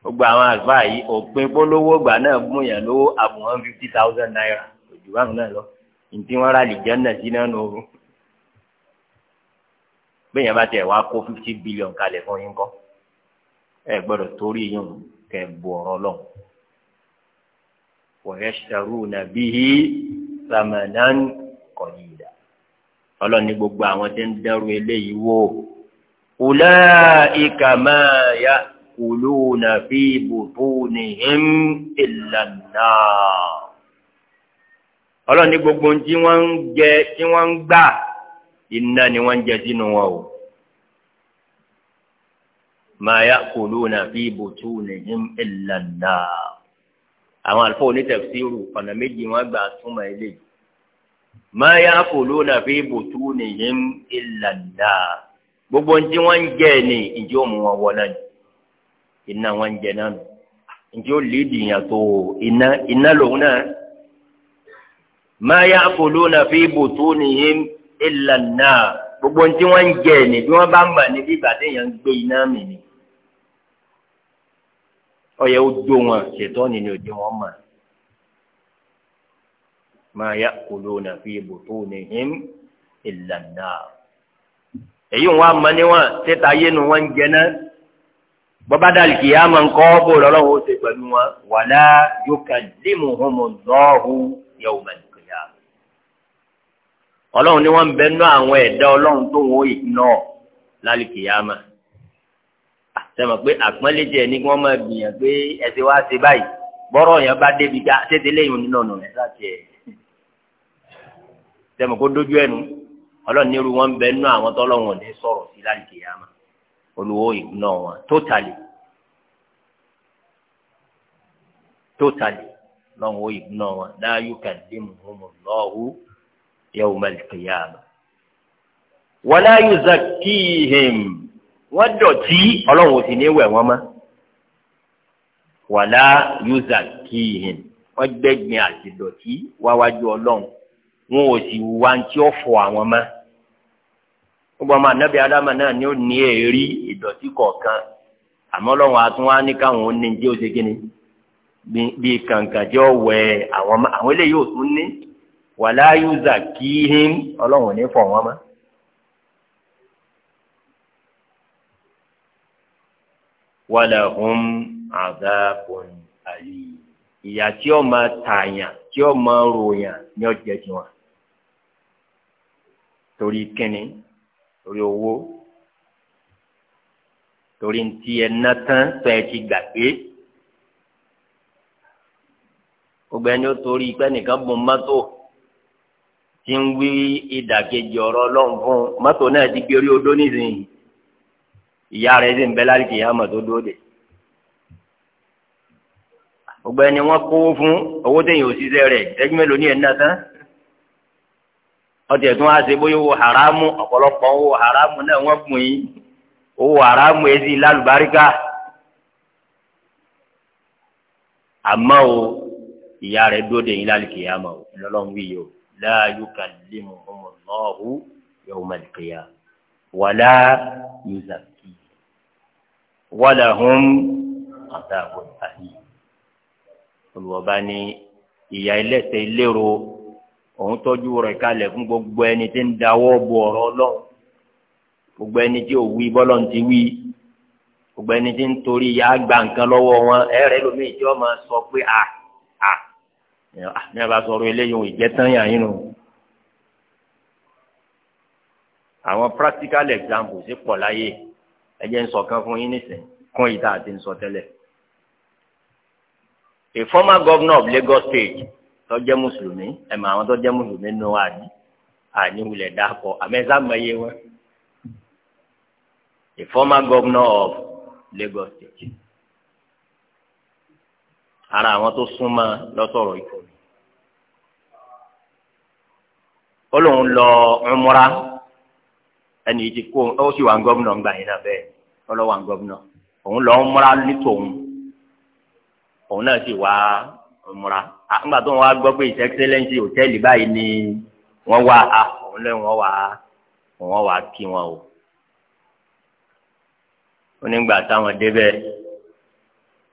gbogbo àwọn àgbà yìí òpin polówó gbà náà mú yàn lówó àbùwọ́n fifty thousand naira òjò báwọn náà lọ ntí wọn rà lìjẹ́ náà sí náà nù bẹ́ẹ̀ yẹn bá tẹ̀ wá kó fifty billion kalẹ̀ fún yín kọ́ ẹ gbọ́dọ̀ torí yín kẹ́ ẹ bu ọ̀rọ̀ lọ. wayashtaruna bihi samanan qalila ọlọ́ni gbogbo àwọn tí ń dẹ́rù eléyìí wò أولئك ما يأكلون في بطونهم إلا النار ọlọ́run ní gbogbo tí wọ́n ń jẹ tí wọ́n ń gbà iná ni wọ́n ń jẹ sínú wọn o ma ya'kuluna fi butunihim illa an-nar àwọn àlùfáà onítẹ̀síìrù ọ̀nà méjì wọ́n gbà túmọ̀ ilé ma ya'kuluna fi butunihim illa an-nar gbogbo ntí wọn ń jẹ ni ìjọ mu wọn wọ náà iná wọn ń jẹ náà nù ìjọ léèdì yàn tó iná iná lòun náà máa yá akolo náà fi bòtó nìyẹn ìlànà gbogbo ntí wọn ń jẹ ni bí wọn bá ń bà ní bí yẹn ń gbé iná mi ni ọyẹ ó dó wọn ṣètọ nínú òde wọn mọ máa yá akolo náà fi bòtó nìyẹn ìlànà èyí wọn ama níwọn títa ayé nu wọn ń jẹ náà bọ́bá dàlí kìí ama ńkọ́ bó lọ́lọ́run ó ṣe pẹ̀lú wọn wàlá yukallimuhumu Allahu yawmal qiyamah ọlọ́run ni wọ́n ń bẹ nú àwọn ẹ̀dá ọlọ́run tó wọ́n yìí náà lálẹ́ kìí ama sẹ́mi pé àpọ́nlé jẹ́ ní máa gbìyàn pé ẹsẹ̀ wá ṣe báyìí bọ́rọ̀ yẹn bá débi ká tètè lẹ́yìn onínà ọ̀nà rẹ̀ láti ẹ̀ sẹ́mi kó dójú ẹnu ọlọ́run ní irú wọn bẹ nú àwọn tọ́lọ́run ò ní sọ̀rọ̀ sí láǹkì yàmà olùwọ́ ìgbìnà wọn tótàlì tótàlì lọ́wọ́ ìgbìnà wọn la yukallimuhumullahu yawmal qiyamah wala yuzakkihim wọ́n dọ̀tí ọlọ́run sì ní wẹ̀ wọ́n mọ́ wala yuzakkihim wọ́n gbẹ́gbin àti dọ̀tí wáwájú ọlọ́run. wọn ò sì wá tí ó fọ àwọn mọ́ gbogbo ọmọ anabi adama náà ni ó ní èrí ìdọ̀tí kọ̀ọ̀kan àmọ́ lọ́wọ́ atúnwá ní káwọn oní ó ṣe kí ni bíi kàǹkàn jẹ́ ọ̀wẹ́ àwọn àwọn eléyìí ò tún ní wàlá yúzà kí hín ọlọ́run ò ní fọ̀ wọ́n mọ́. walahum azabun ali ìyà tí ó máa tààyàn tí ó máa ròyàn ní ọjọ́ torí kíni torí owó torí ntí ẹ ná tán tó ẹ ti gbàgbé gbogbo ẹni ó torí pé nìkan bùn mọ́tò tí ń wí ìdàkejì ọ̀rọ̀ ọlọ́run fún un mọ́tò náà ti gbé orí odó nísìnyí ìyá rẹ̀ sì ń bẹ láti kìí àmọ̀ tó dúró dé gbogbo ẹni wọ́n kówó fún owó téèyàn ò rẹ̀ ìtẹ́jú mélòó ní ẹ̀ ná tán ọtí ẹ̀tún wá ṣe bóyá owó haramu ọ̀pọ̀lọpọ̀ owó haramu náà wọ́n gbìn yín owó haramu èzì lálùbáríkà àmọ́ o ìyá rẹ̀ dúró de yín lálùkì yá mọ́ o lọ́lọ́run wí yìí o la yukallimuhumullahu yawmal qiyamah wala yuzakki walahum adhabun alim olùwọ́ba ní ìyá ẹlẹ́sẹ̀ lérò òun tọ́jú rẹ̀ kalẹ̀ fún gbogbo ẹni tí ń dáwọ́ bo ọ̀rọ̀ ọlọ́run gbogbo ẹni tí ò wí bọ́lọ̀ ti wí gbogbo ẹni tí ń torí ya gba nǹkan lọ́wọ́ wọn ẹ̀rẹ́ lómi ìjọ máa sọ pé à à ní a bá sọ̀rọ̀ eléyìí òun ìjẹ́tán yàn yín nù. àwọn practical examples ṣe pọ̀ láyé ẹ jẹ́ ń sọ kan fún yín nísìn kún ìta àti ń sọ tẹ́lẹ̀. a former governor of Lagos State tó jẹ́ mùsùlùmí ẹ mọ àwọn tó jẹ́ mùsùlùmí nù àdí àníwulẹ̀ dàpọ̀ àmẹ́sà mẹ́yẹ wọn the former governor of Lagos State ara àwọn tó súnmọ́ lọ́sọ̀rọ̀ ikọ̀ mi ó lóun lọ ọmọra ẹnì tí kò ó sì wà ń gómìnà ńgbà yín náà bẹ́ẹ̀ ó lọ wà ń gómìnà òun lọ ọmọra ní tòun òun náà sì wà ọmọra àgbà ah, tó wọn gbọ́ pé ìsẹ́kísẹ́lẹ́ǹsì hòtẹ́ẹ̀lì báyìí ni wọ́n wá a ah, òun lẹ́ wọ́n wá wọ́n wá kí wọn o. ó nígbà táwọn débẹ̀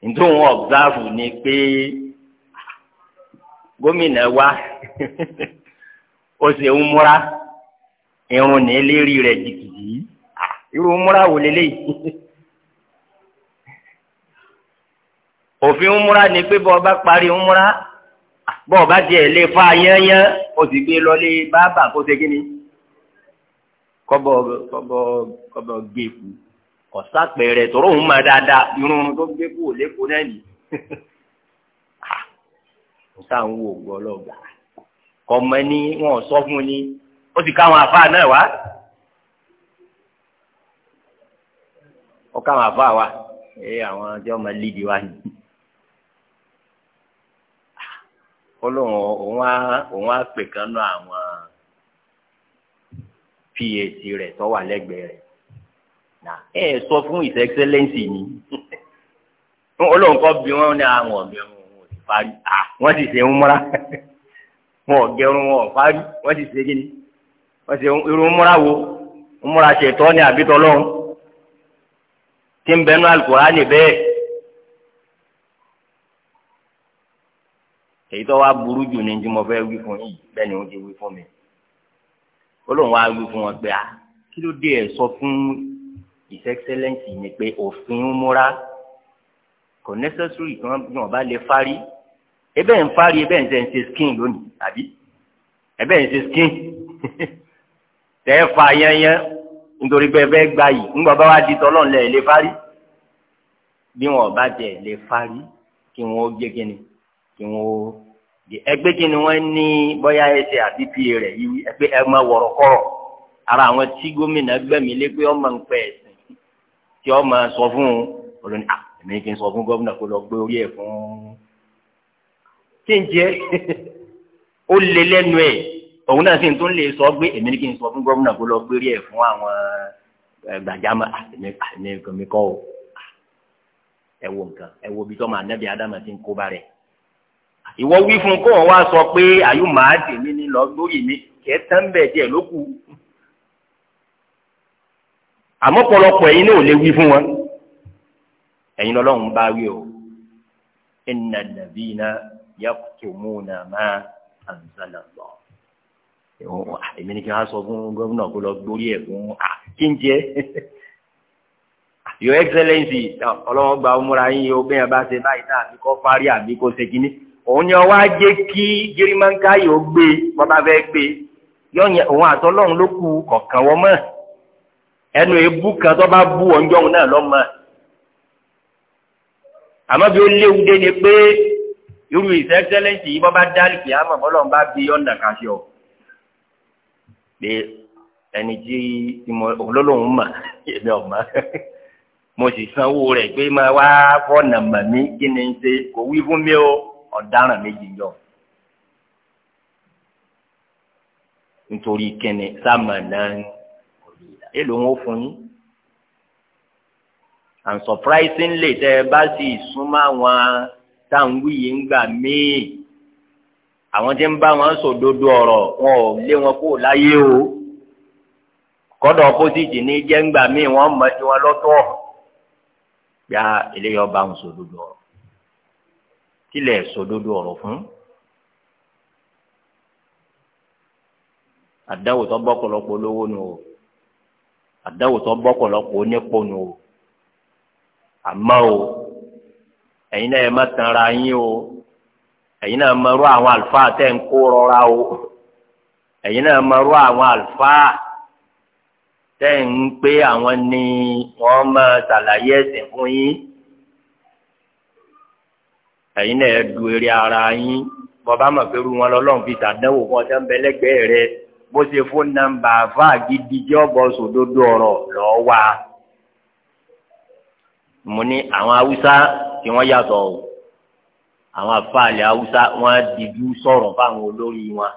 nítorí wọn ọ̀bùsáàfù ni pé gómìnà wa ó ṣe ń múra irun ní lérí rẹ̀ jìkìjì ah, irú múra wò lélẹ́yìí. òfin múra ni pé bọ́ ọba parí múra bọ́ ọ bá tiẹ̀ lè fa yányán o sì gbé lọlé bábà kó ṣe kíni kọ́bọ̀ kọ́bọ̀ kọ́bọ̀ gbé kú ọ̀sápẹ̀rẹ̀ tọrọ òun máa dáadáa irun tó gbé kú ò lẹ́kọ̀ọ́ náà nì sáà ń wo ògbọ́ ọlọ́gbà kọ́mọ ní wọn sọ fún ni ó sì káwọn àfáà náà wá ó káwọn àfáà wá ẹ àwọn àjọ ọmọ lídìí wá yìí. ó lóun òun á òun á pè kan náà àwọn pac rẹ̀ tó wà lẹ́gbẹ̀ẹ́ rẹ̀ nà ẹ sọ fún his excellency ni ó lóun kọ́ bí wọ́n ní àwọn ọ̀gbìn wọn ò sì parí wọ́n ti ṣe ń múra wọn ò gẹrun wọn ò parí wọ́n ti ṣe kíni wọ́n ti irun múra wo múra ṣètọ́ ní àbítọ́ lọ́hún tí ń bẹnu alukóra ní bẹ́ẹ̀. èyí tó wá burú jù ní tí mo fẹ́ wí fún yìí bẹ́ẹ̀ ni wọ́n ti wí fún mi ó lóun wá wí fún wọn pé a ah, kí ló dé ẹ̀ sọ fún his excellence ni pé òfin múra kò necessary kí wọ́n bá lè fárí ebe ń fárí ebe ń sẹ́ ń ṣe skin lónìí àbí ebe ń ṣe skin tẹ́ ẹ fa yẹnyẹn nítorí pé ẹ fẹ́ gba yìí ńgbọ́n bá wá di tọ́lọ́ ńlẹ̀ lè fárí bí wọn bá jẹ lè fárí kí wọn ó gé kínni kí di ẹgbẹ́ kí ni wọ́n ní bóyá ẹsẹ̀ àti pa rẹ̀ yìí ẹgbẹ́ ẹgbẹ́ wọ̀rọ̀kọ̀rọ̀ ara àwọn tí gómìnà gbẹ̀mí lé pé ọmọ nǹkan ẹ̀sìn tí ọmọ sọ fún un olórí à èmi kì í sọ fún gómìnà kó lọ gbé orí ẹ̀ fún kí n jẹ́ ó lé lẹ́nu ẹ̀ òun náà sì ń tún lè sọ gbé èmi kì í sọ fún gómìnà kó lọ gbé orí ẹ̀ fún àwọn gbàjámọ́ àtẹ̀mí kọ́ ẹ wo nǹkan ẹ wo bí tọ́mọ anábì ádámà ti ń kó rẹ̀ ìwọ wí fún kó wọ́n wá sọ pé àyù màá dè mí ní lọ lórí mi kẹ́ tán bẹ̀ díẹ̀ ló kù àmọ́ pọ̀lọpọ̀ ẹ̀yin náà ò lè wí fún wọn ẹ̀yin lọ́lọ́run bá wí o inna nabina yaqtumuna ma anzala Allah èmi ni kí wọ́n sọ fún gómìnà kó lọ gbórí ẹ̀ fún kí n jẹ́ your excellency ọlọ́wọ́n gba ọmúra yín o bá ṣe báyìí náà àbí fárí àbí ṣe kínní òun ni ọwọ́ ajé kí gírímọ́ńká yóò gbé bọ́bá fẹ́ gbé yọ̀nyẹ òun àtọ́lọ́run ló kù kọ̀ọ̀kan wọ́n mọ̀ ẹnu èébú kan tó bá bú ọ̀njọ́ òun náà lọ́mọ. àmọ́ bí ó léwu dé ni pé irú ìsẹ́kẹ́lẹ́sì yìí bọ́bá dálì kì á mọ̀ bọ́lọ̀ ń bá bí ọ̀nà kàṣẹ ọ̀ pé ẹni tí ìmọ̀ olólùwọ̀n mà èmi ọ̀ mà mo sì sanwó rẹ̀ pé máa wá fọ́ọ̀nà mà mí kí ni ń ṣe kò wí fún mi o ọ̀daràn méjì jọ. nítorí kẹ́ni sámànà èlò wọn fún yín and surprisingly tẹ́ ẹ bá sì súnmọ́ àwọn táwọn wíyí ń gbà míì àwọn tí ń bá wọn sòdodo ọ̀rọ̀ wọn ò lé wọn kó láyé o kọ́dọ̀ opposite ní jẹ́ngbà míì wọ́n mọ̀ sí wọn lọ́tọ̀ ya eléyọ̀ bá wọn sòdodo ọ̀rọ̀ tilẹ̀ sòdodo ọ̀rọ̀ fún. àdáwò tó bọ́kọ̀lọ́pọ̀ nu o àdáwò tó bọ́kọ̀lọ́pọ̀ nu o àmọ́ o ẹ̀yin náà ẹ má tanra yín o ẹ̀yin náà mọ̀rú àwọn àlùfáà tẹ̀ ń kó rọra o ẹ̀yin náà mọ̀rú àwọn àlùfáà tẹ̀ ń pé àwọn ni wọ́n máa ṣàlàyé ẹ̀sìn fún yín ẹ̀yin náà ẹ du eré ara yín bọ́ba mọ̀ pé irú wọn lọ́lọ́run fi ṣàdánwò fún ọtí ọ̀bẹ lẹ́gbẹ̀ẹ́ rẹ bó ṣe fún nọ́mbà fáà gidi jẹ́ ọ̀bọ̀ sòdodo ọ̀rọ̀ lọ́ọ́ wá. mo ní àwọn haúsá tí wọ́n yàtọ̀ o àwọn afáàlẹ̀ haúsá wọ́n dijú sọ̀rọ̀ fáwọn olórí wọn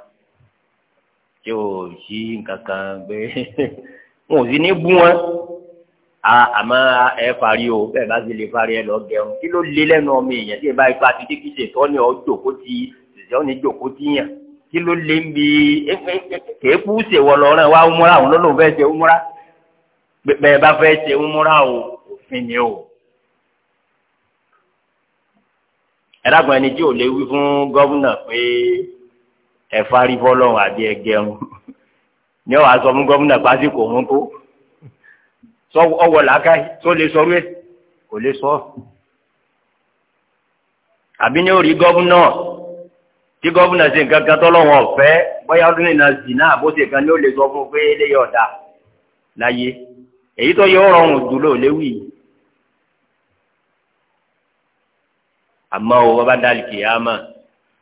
tí ò sí nǹkan kan gbé wọn ò sí ní bú wọn àmọ́ ẹ parí o bẹ́ẹ̀ bá sì lè parí ẹ lọ gẹrun kí ló lé lẹ́nu ọmọ èèyàn tí ẹ bá ipa ti díkì ṣètò ọ́ ní ọ jòkó ti ṣèṣẹ́ ọ́ ní jòkó ti yàn kí ló lé ń bi kéékù ṣèwọ lọ́rùn wa umura òun lọ́lọ́ fẹ́ ṣe umura bẹ́ẹ̀ bá fẹ́ ṣe umura o òfin ni o. ẹ̀dàgbọ́n ẹni tí ò lè wí fún gọ́vùnà pé ẹ fárí fọ́lọ́run àbí ẹ gẹrun ni ọ wàá sọ fún gọ́vùnà pásíkò òun tó sọ ọwọ́ làákàyè tó lè sọ rú ẹ̀ kò lè sọ. àbí ní orí gọ́vùnà tí gọ́vùnà ṣe nǹkan kan tọ́lọ́wọ́n ọ̀fẹ́ bóyá ọdún nìyẹn zina àbóṣe kan ni ó lè sọ fún un pé eléyìí ọ̀dà láyé èyí tó yọ ọ̀rọ̀rùn dùlọ léwì àmọ́ o bàbá dàlìkì yá mọ̀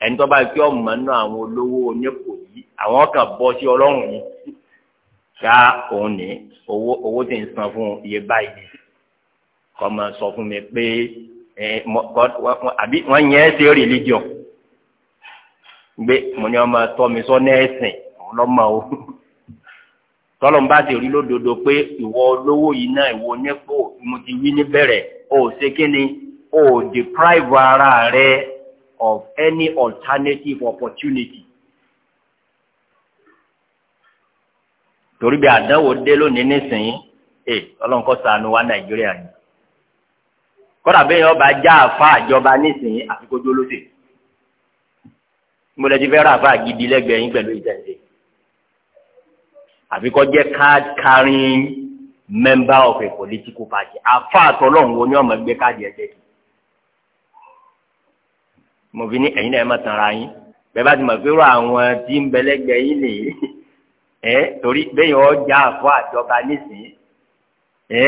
ẹni tó bá kí ọmọ náà àwọn olówó onípò yìí àwọn kan bọ́ sí ọlọ́run yìí ṣá òun ní owó owó tí ń san fún iye báyìí kọ́ máa sọ fún mi pé àbí wọ́n yẹn ṣe religion gbé mo ní ọmọ tọ́ mi sọ ní ẹ̀sìn òun lọ́mọ o tọ́lọ́n bá ti rí lódodo pé ìwọ olówó yìí náà ìwọ onípò mo ti wí níbẹ̀rẹ̀ o ṣe kí ni o deprive ara rẹ of any alternative opportunity torí bí àdánwò dé lónìí nísìnyí ẹ ọlọ́run kó ṣàánú wa nàìjíríà ni kọ́dà bẹ́ẹ̀ ọba já àfa àjọba nísìnyí àfikójú olóṣè mo lè ti fẹ́ ra àfa gidi lẹ́gbẹ̀ẹ́ yín pẹ̀lú ìtẹ̀sẹ̀ àfikọ́ jẹ́ card carrying member of a political party àfa àtọ́lọ́run wo ni ọmọ ẹgbẹ́ káàdì ẹ̀jẹ̀ kì mo fi ní ẹ̀yin náà ẹ̀ má tanra yín bẹ́ẹ̀ bá ti mọ̀ pé àwọn tí ń bẹ lẹ́gbẹ̀ẹ́ yín nìyí ẹ torí bẹ́ẹ̀ ọ já àfọ àjọba nísìnyí ẹ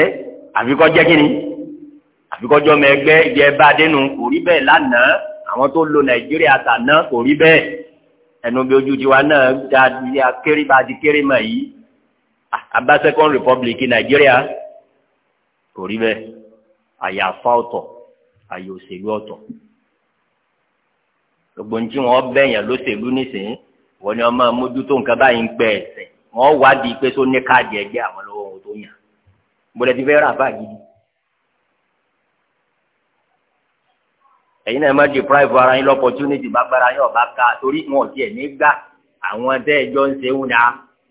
àfikọ́ jẹ́ kínní àfikọ́ jọmọ ẹgbẹ́ ibi ẹ bá dénú kò rí bẹ́ẹ̀ lánàá àwọn tó lo nàìjíríà tàná kò rí bẹ́ẹ̀ ẹnu bí ojú tiwa náà da kéré bá ti kéré mọ̀ yìí abá second republic nàìjíríà kò rí bẹ́ẹ̀ àyàfa ọ̀tọ̀ àyè òṣèlú ọ̀tọ̀ gbogbo ní tí wọ́n bẹ̀yàn lóṣèlú nísìnyí wọ́n ní ọmọ mójútó nǹkan báyìí ń pẹ́ ẹ̀sìn wọ́n wádìí pé tó ní káàdì ẹgbẹ́ àwọn lọ́wọ́ ohun tó yàn bọ́lẹ̀ ti fẹ́ rà bá gidi. ẹ̀yin náà má deprive ara yín lọ́pọ̀tunity bá gbára yín ọ̀bá ká torí wọn ò tiẹ̀ ní gbà àwọn tẹ́ ẹjọ́ ń ṣe ń da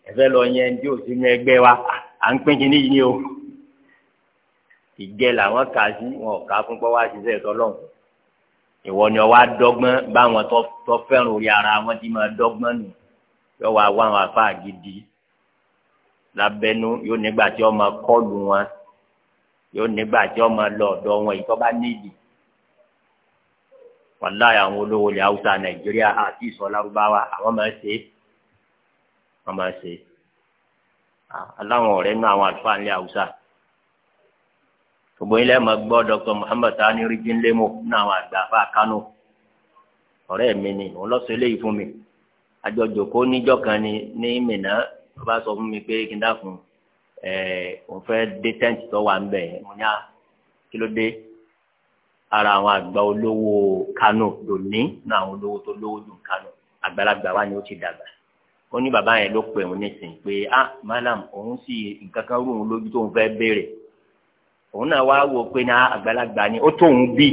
ẹ̀fẹ́ lọ yẹn tí ò sínú ẹgbẹ́ wa à ń pín kínní yìí ni o. ìjẹ làwọn kà sí wọn ò ká fún pọ́wá ṣiṣẹ́ ìtọ́lọ́hùn ìwọ ni ọwọ́ adọ́gbọ́n báwọn tó fẹ́ràn orí ara wọn ti máa dọ́gbọ́n nù yọ wá wá àwọn afá gidi lábẹ́nú yóò nígbà tí ọmọ kọlù wọn yóò nígbà tí ọmọ lọ ọ̀dọ̀ wọn ìtọ́ bá níbi wàláyà àwọn olówó ilẹ̀ haúsá nàìjíríà àti ìsọ̀lárúbáwá àwọn máa ṣe wọ́n máa ṣe ah, aláwọn ọ̀rẹ́ nú àwọn àlùfáà ilẹ̀ haúsá gbogbo yín lẹ́ẹ̀ma gbọ́ Dr. Muhammad sani rijinlemo ní àwọn àgbà kano ọ̀rẹ́ mi ni òun lọ́sọ eléyìí fún mi àjọjò kó níjọ́ kan ni ní Mínà wọ́n bá sọ fún mi pé kí n dákun ẹ̀ òun fẹ́ dé tẹ́ǹtì tó wà ń bẹ̀ mo ní à kí ló dé ara àwọn àgbà olówó kano lòní ní àwọn olówó tó lówó dùn kano àgbàlagbà wa ni ó ti dàgbà ó ní bàbá yẹn ló pè òun nísìnyí pé ah madam òun sì nǹkan kan rú òun lójú tóun fẹ́ béèrè òun náà wá wò pé ní àgbàlagbà ni ó tó òun bí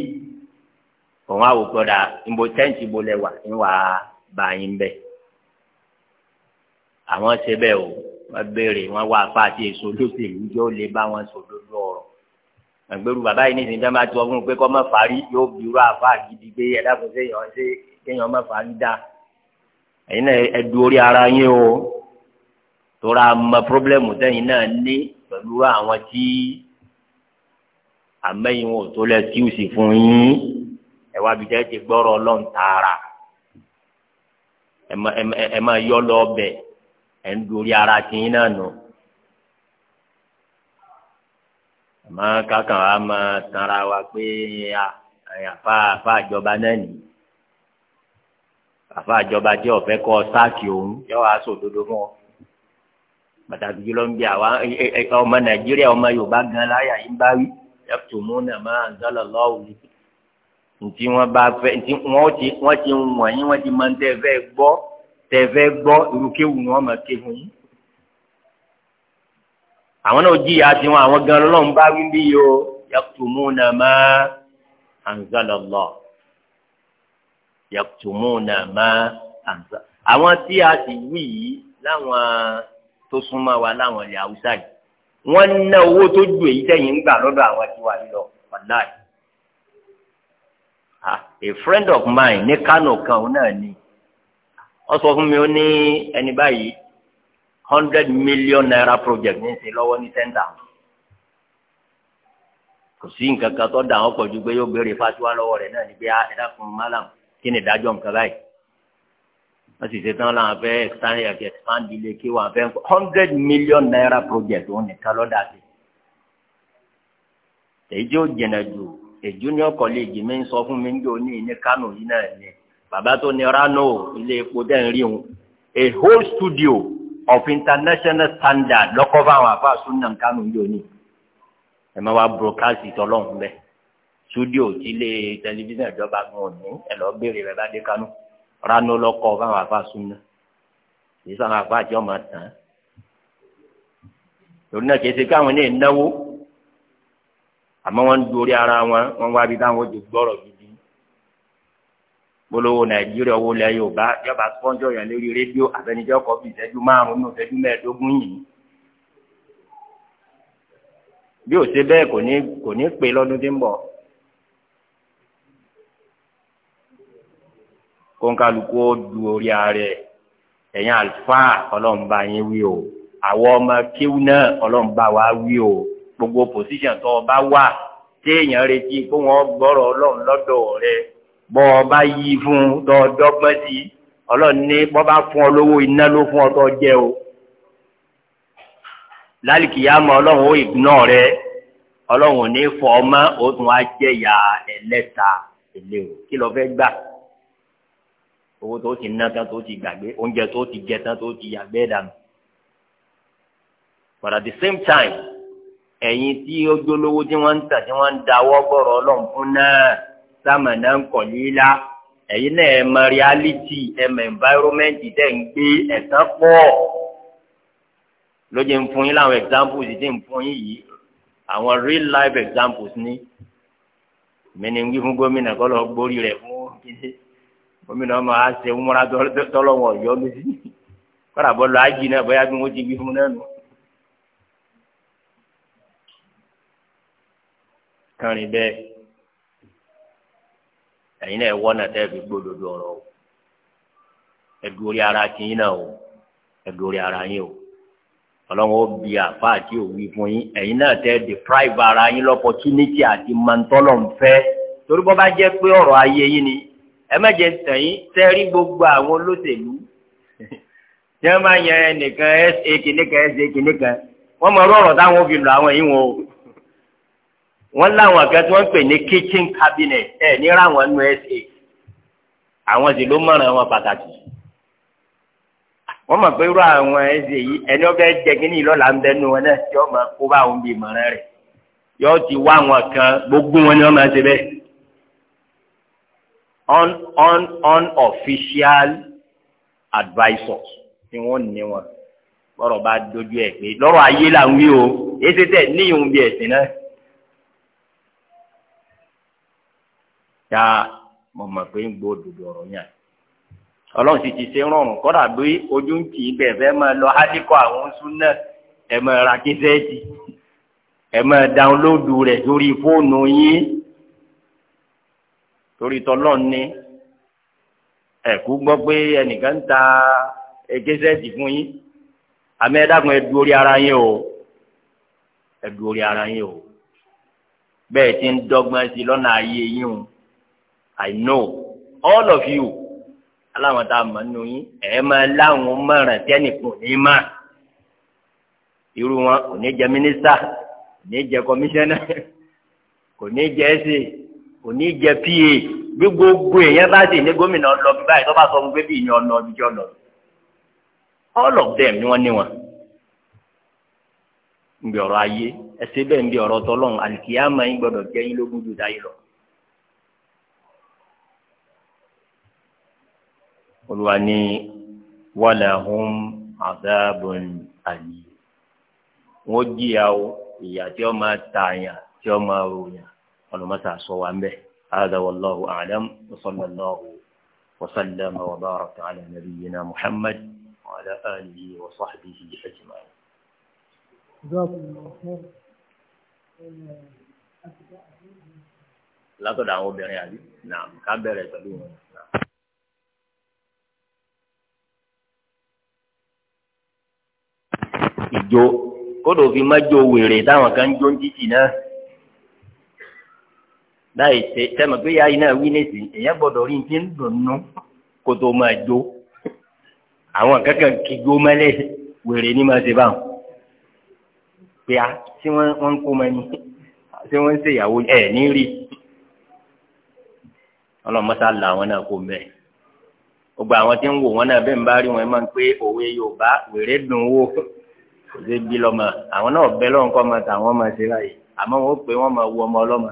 òun á wò pé ọ̀dà ìbò tẹ́ǹtì ìbò lẹ́wà ń wà á bá yín bẹ́ẹ̀ àwọn ṣe bẹ́ẹ̀ o wọ́n béèrè wọ́n wá apá àti èso lóṣèlú yóò lè bá wọn sọ lójú ọ̀rọ̀ àgbẹ̀rù bàbá yìí nísìnyí dáná tí wọ́n pé kọ́ mọ́ fàárí yóò bí irú àfa gidi pé ẹ̀dá kò séèyàn ṣe kéèyàn mọ́ fàárí dá ẹ̀yin náà ẹ̀dù orí ara yín o tora mọ pírọ́blẹ́mù sẹ́yìn náà ní pẹ̀lú àwọn tí àmẹ́yìn wọn ò tó lẹ́ tíwùsì fún yín ẹ̀wá bíi jẹ́ ti gbọ́rọ̀ ọlọ́run tààrà ẹ máa yọ lọ ọbẹ̀ ẹ̀ ń dorí ara tiyín náà nù. àmọ́ kákan wa máa tanra wa pé àfa àfa ìjọba náà nì àfa ìjọba tí ọ̀fẹ́ kọ́ sáàkì òun yọ wá sòdodo fún ọ pàtàkì jùlọ ń bí àwa ọmọ nàìjíríà ọmọ yorùbá gan láyà yín bá wí yaktumuna ma anzala Allahu ntí wọn bá fẹ́ ntí wọn ti wọn ti wọn yín wọn ti máa ń tẹ fẹ́ gbọ́ tẹ fẹ́ gbọ́ irúkéwù ni wọn máa ké fún yín àwọn náà jìyà tiwọn àwọn gan lọ́n bá wí bí yìí o yaktumuna ma anzala Allah yaktumuna ma anzala àwọn tí a ti wí yìí láwọn tó súnmọ́ wa láwọn ilẹ̀ haúsá wọ́n ná owó tó ju èyí tẹ̀yìn ń gbà lọ́dọ̀ àwọn tiwa lílọ wàláì. a friend of mine ní Kano kan òun náà ni wọ́n sọ fún mi ó ní ẹni báyìí hundred million naira project ní ìsìn lọ́wọ́ ní sẹ́ńtà kò sí nǹkan kan tó dà pọ̀ ju pé yóò béèrè lọ́wọ́ rẹ̀ náà bí wọ́n sì ṣe tán láwọn fẹ́ expand yàtọ̀ expand ilé kí wọ́n fẹ́ hundred million naira project wọn nìkan lọ́dà sí. èyí tí ó jìnnà jù junior college mi so sọ fún mi níjó ní ní Kano yìí náà ni bàbá tó ní Rano ilé epo dẹ́ ń rí a whole studio of international standard lọ́kọ́ fáwọn àfa sunna Kano yìí ò ní ẹ máa wá broadcast ìtọ́lọ́hún bẹ́ẹ̀ studio ti lé television ìjọba gan òní ẹ lọ́ọ́ béèrè rẹ̀ bá dé Kano ranu lọkọ fáwọn afa súnmọ́ èyí sáwọn afa àti ọmọ tán lórí náà kìí ṣe káwọn ní ìnáwó àmọ́ wọn ń dorí ara wọn wọn wá bí táwọn ojú gbọrọ gidi gbólóhùn nàìjíríà owó lẹ yorùbá yọba spọnjọ yẹn lórí rédíò àbẹnijọ kọ bí ìṣẹ́jú márùnún nù ìṣẹ́jú mẹ́ẹ̀ẹ́dógún yìí bí ó ṣe bẹ́ẹ̀ kò ní kò ní pé lọ́dún tí ń bọ̀. kọ́ńkálukú ó du orí ààrẹ ẹ̀yin àlùfáà ọlọ́mba yín wí o àwọn ọmọ kíw náà ọlọ́mba wa wí o gbogbo pòsíṣàn tó o bá wà téèyàn retí pé wọ́n gbọ́rọ̀ ọlọ́run lọ́dọ̀ rẹ bọ́ ọ bá yí fún dọ́ọ̀dọ́gbọ́n sí ọlọ́run ní bọ́ bá fún ọ lówó iná ló fún ọ jẹ o lálìkìyàmọ ọlọ́run ó ìgbìnà rẹ ọlọ́run ò ní fọ ọmọ ó tún wá jẹyà ẹlẹ́ta èlé kí lọ fẹ́ gbà owó tó ti ná tán tó ti gbàgbé oúnjẹ tó ti jẹ tán tó ti yàgbẹ́ dànù but at the same time ẹ̀yin tí ó jólówó tí wọ́n ń tà tí wọ́n ń dawọ́ bọ̀rọ̀ ọlọ́run fún náà sàmànà ń kọ̀ nílá ẹ̀yin náà ẹ̀ reality ẹ̀ environment tẹ̀ ń gbé ẹ̀sán pọ̀ lóye ń fún yín láwọn examples tí ń fún yín yìí àwọn real life examples ní mi ni ń wí fún gómìnà kọ́ lọ́ọ́ gbórí rẹ̀ fún kíndé gómìnà ọmọ àṣẹ múra tọ́lọ́wọ̀n ọ̀yọ́ lójú kọ́ra bọ́ lọ ájì náà bóyá bí wọ́n ti wí fún náà nù. kàrin bẹ́ẹ̀ ẹ̀yin náà wọ́n náà tẹ́ fi gbódodo ọ̀rọ̀ o ẹ̀dùn orí ara tiyín náà o ẹ̀dùn orí ara yín o ọlọ́run ó bi àfa àti òwì fún yín ẹ̀yin náà tẹ́ deprive ara yín lọ́pọ̀tunity àti mọ̀ntọ́lọ̀ ń fẹ́ torí bọ́ bá jẹ́ pé ọ̀rọ̀ ayé yín ni ẹ má jẹ tàn yín sẹ́rí gbogbo àwọn olóṣèlú tí wọ́n bá yan ẹnìkan ẹsẹ̀ kìnìkan ẹsẹ̀ kìnìkan wọ́n mọ rọrọ̀ táwọn fi lọ àwọn yìí wọn o wọ́n láwọn kan tí wọ́n ń pè ní kitchen cabinet ẹ̀ nírà wọn nu ẹsẹ̀ àwọn sì ló mọ̀ràn wọn pàtàkì wọ́n mọ̀ pé irú àwọn ẹsẹ̀ yìí ẹni wọ́n fẹ́ jẹ kínní lọ́la ń bẹ́nu wọn náà tí wọ́n máa kó bá àwọn bíi mọ̀ràn rẹ̀ yóò ti wá àwọn kan gbogbo wọn ni wọ́n máa ṣe bẹ́ẹ̀ un un unofficial advisors tí wọ́n ní wọn lọ́rọ̀ bá dojú ẹ̀ pé lọ́rọ̀ ayé là ń wí o èyí ti tẹ̀ ní ìhun bí ẹ̀sìn náà. ya mo mọ̀ pé ń gbọ́ òdodo ọ̀rọ̀ yẹn ọlọ́run sì ti ṣe rọrùn kọ́dà bí ojú ń tì í bẹ̀ fẹ́ máa lọ hádìkọ́ àwọn súnà ẹ̀ máa ra kí sẹ́ẹ̀tì ẹ̀ máa dáńlódù rẹ̀ sórí fóònù yín torí tọ́lọ́ ní ẹ̀kú gbọ́ pé ẹnìkan ń ta egezẹ́ẹ̀tì fún yín àmì ẹ̀dàgùn ẹ̀dù orí ara yín o ẹ̀dù orí ara yín o bẹ́ẹ̀ ti ń dọ́gbọ́n sí lọ́nà ayé yín o I know all of you aláwọn tá a mọ̀ nínú yín ẹ̀ máa láwọn mọ̀ràn tí ẹnìkan ní mà irú wọn kò ní jẹ mínísítà kò ní jẹ kọmíṣánná kò ní jẹ ẹsẹ kò ní jẹ pa bí gbogbo èèyàn bá dé ní gómìnà lọ bí báyìí tó bá sọ fún pé bí ìyẹn ọ̀nà ọ̀bíjọ́ lọ all of them ni wọ́n ní wọn nbí ọ̀rọ̀ ayé ẹsẹ bẹ́ẹ̀ nbí ọ̀rọ̀ tọlọ́run alikiyama yín gbọ́dọ̀ jẹ yín lógún ju dáyé lọ. olùwà ni walahum azabun ali wọn jìyà o ìyà tí ó máa ta àyàn tí ó máa ròyàn ọlọmọta sọ wa mbẹ هذا والله أعلم وصلى الله وسلم وبارك على نبينا محمد وعلى آله وصحبه أجمعين جزاكم الله خير látọ̀dọ̀ àwọn obìnrin àbí náà ká bẹ̀rẹ̀ pẹ̀lú wọn. ìjó kódò fi má jó wèrè táwọn kan jó ń títì náà. láì ṣe tẹmọ pé yáa iná wí nísìnyí èèyàn gbọ́dọ̀ rí ti ń dùn nù kó tó máa jó àwọn kankan kí gbó mẹlẹ wèrè ní máa ṣe báwọn pé a tí wọn ń kó mọ ẹni tí wọn ń ṣèyàwó ẹ ní rí ọlọmọsá làwọn náà kó mẹ gbogbo àwọn tí ń wò wọn náà bẹ́ẹ̀ ń bá rí wọn máa ń pé òwe yorùbá wèrè dùn wò kò sí bí lọ́mọ àwọn náà bẹ́ lọ́nkọ́ máa tà wọ́n máa ṣe láàyè àmọ́ wọn ó wọ́n máa wọ ọmọ ọlọ́mọ.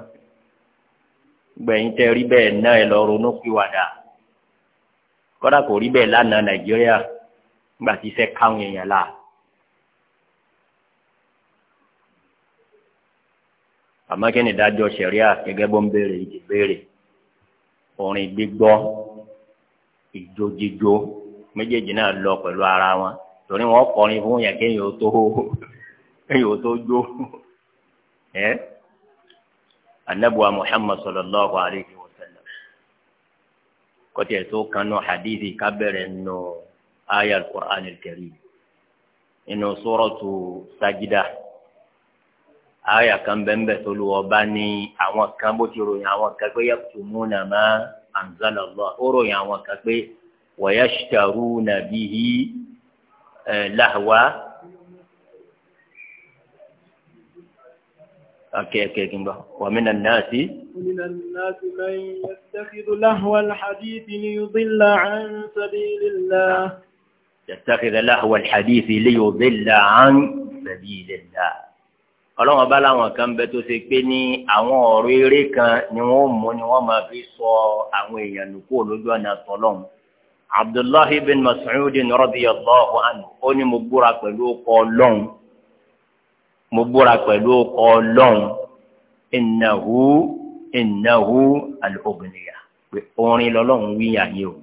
gbẹ̀yìn tẹ rí bẹ́ẹ̀ náà ẹ lọ ronú wàdà kọ́dà kò rí bẹ́ẹ̀ lánàá nàìjíríà nígbà tí iṣẹ́ káwọn èèyàn là. àmọ́ kí ni orin gbígbọ́ ìjó méjèèjì náà lọ pẹ̀lú ara wọn torí wọn kọrin fún yàn kéèyàn tó kéèyàn anabuwa muhammad sallallahu alayhi wa sallam kọtí ẹ tó kan nù hadithi kábẹ̀rẹ̀ nù aya al-Qur'an al-Karim inú suratu sajida aya kan bẹ́ẹ̀ tó lu ọba ní àwọn kan bó ti ròyìn àwọn kan pé yaktumuna ma anzala Allah ó ròyìn àwọn kan pé wa yashtaruna bihi eh, lahwa. أوكي أوكي كمبا ومن الناس ومن الناس من يتخذ لهو الحديث ليضل عن سبيل الله يتخذ لهو الحديث ليضل عن سبيل الله ọlọ́run ọba láwọn kan bẹ tó ṣe pé ní àwọn ọ̀rọ̀ eré kan ni wọ́n mú ni wọ́n máa fi sọ àwọn èèyàn nù kúrò ọ̀nà tọ́lọ́hún abdullahi bin mas'ud radiyallahu anhu ó ní mo búra pẹ̀lú ọkọ̀ ọlọ́run mo búra pẹ̀lú ọkọ̀ ọlọ́run innahu innahu al-ughniya pé orin lọ́lọ́run wíyà yìí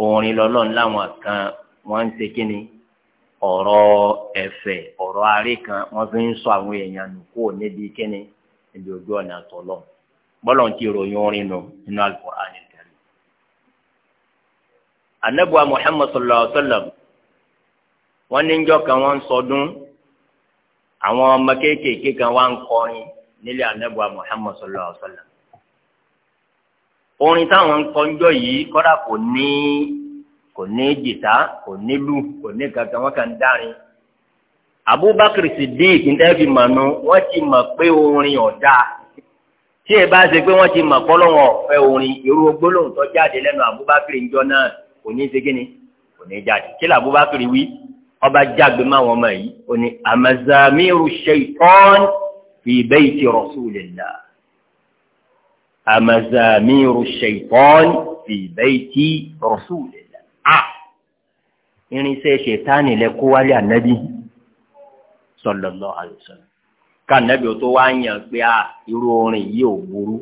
o orin lọ́lọ́run láwọn kan wọ́n ń ṣe kínni ọ̀rọ̀ ẹ̀fẹ̀ ọ̀rọ̀ arí kan wọ́n fi ń sọ àwọn èèyàn nù kó níbi kínni níbi ojú ọ̀nà àtọ̀lọ́ bọ́lọ̀ ti ròyìn orin nù nínú al-Qur'an anabuwa Muhammad sallallahu alaihi wa sallam wọ́n ní njọ́ kan wọ́n ń sọdún àwọn ọmọ kéékèèké kan wá ń kọrin nílé anabu muhammad sallallahu alaihi wa sallam orin táwọn ń kọ njọ́ yìí kódà kò ní kò ní jìtá kò nílù kò ní kankan wọ́n kàn dárin abubakar siddiq ń tẹ́ wọ́n ti mọ̀ pé orin ọ̀dà tí ẹ bá ṣe pé wọ́n ti mọ̀ pọ́lọ́wọ́ ọ̀fẹ́ orin irú gbólóhùn tó jáde lẹ́nu abubakar njọ́ náà kò ní ṣe kíni kò ní jáde kí lè abubakar wí ọba jágbe má wọn mọ yìí ó ní amazamiru shaitan fi bayti rasulillah amazamiru shaitan fi bayti rasulillah a irinṣẹ́ ṣètánì lẹ kó wálé ànábì sallallahu alaihi wasallam ká ànábì ó tó wá yàn pé a irú orin yìí ò burú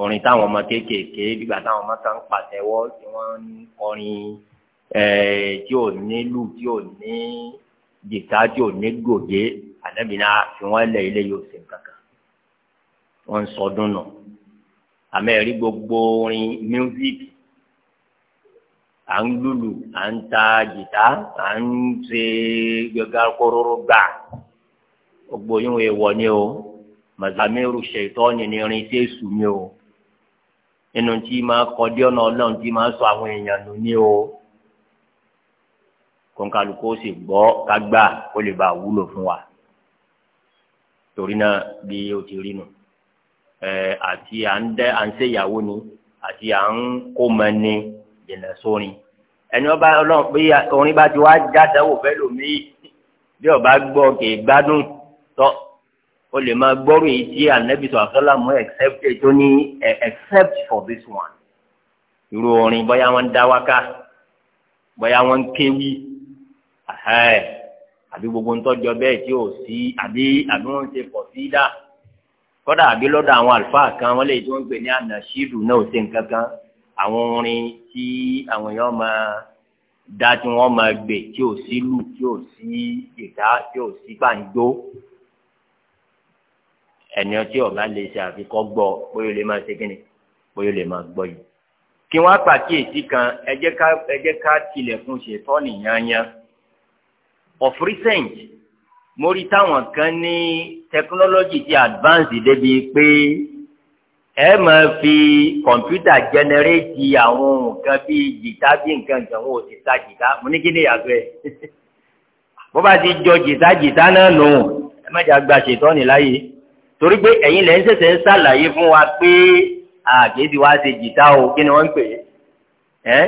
orin táwọn ọmọ kéékèèké bí gbà táwọn ọmọ kan pàtẹ́wọ́ tí wọ́n ń kọrin. ẹ̀ẹ́ tí ò ni lù tí ò ní jìtá tí ò ní gòjé ànábì náà fi wọ́n ilé yóò ṣe kankan wọ́n ń sọdún nù àmọ́ gbogbo orin music à ń lùlù à ń ta jìtá à ń ṣe gbẹgà kóróró gbà gbogbo yín ni o mazamiru ṣètọ́ni ni irin tí ni o nínú tí máa kọ́ dé ọlọ́run tí máa sọ àwọn èèyàn nù ni o. kọ̀ǹkàlùkù ó sì gbọ́ kágbà kó lè bá wúlò fún wa torí náà bí o ti rí nu ẹ àti à ń dẹ à ń ṣe ìyàwó ni àti à ń kó mọ ni jìnnà sórin ẹni ọba Ọlọ́run pé orin bá ti wá jáde wò fẹ lòmíì bí ọba gbọ́ kì í gbádùn tọ o lè máa gbọ́rò èyí tí anabi àfẹ́lá mú except tó ní except for this one irú orin bóyá wọ́n ń dá wáká bóyá wọ́n ń kéwì àbí gbogbo ńtọ́jọ bẹ́ẹ̀ tí ò sí àbí àbí wọ́n ṣe pọ̀ sí dá kọ́dà àbí lọ́dọ̀ àwọn àlùfáà kan wọ́n lè tí wọ́n ń pè ní ànàṣídù náà ò ṣe nǹkan kan àwọn orin tí àwọn èèyàn máa dá tí wọ́n máa gbè tí ò sí lù tí ò sí ìdá tí ò sí gbàǹjo ẹni ọtí ọba lè ṣe àfikọ́ gbọ́ bóyá lè máa ṣe kí ni bóyá lè máa gbọ́ yìí kí wọ́n pàkíyèsí kan ẹ jẹ́ ká tilẹ̀kùn ṣètọ́ nìyányán of recent mo rí táwọn kan ní technology ti advance débi pé ẹ máa fi computer jẹnẹrétì àwọn nǹkan bíi jìtá bíi nǹkan kan wọn ò sì ta jìtá mo ní kí ni ìyàgbẹ́ bó bá ti jọ jìtá jìtá náà nù ẹ má jà gba ṣètọ́ni láyé torí pé ẹ̀yin lẹ́yìn ṣẹ̀ṣẹ̀ ń ṣàlàyé fún wa pé àkéèdì wa ṣe jìtá o kí ni wọ́n ń pè é ẹ́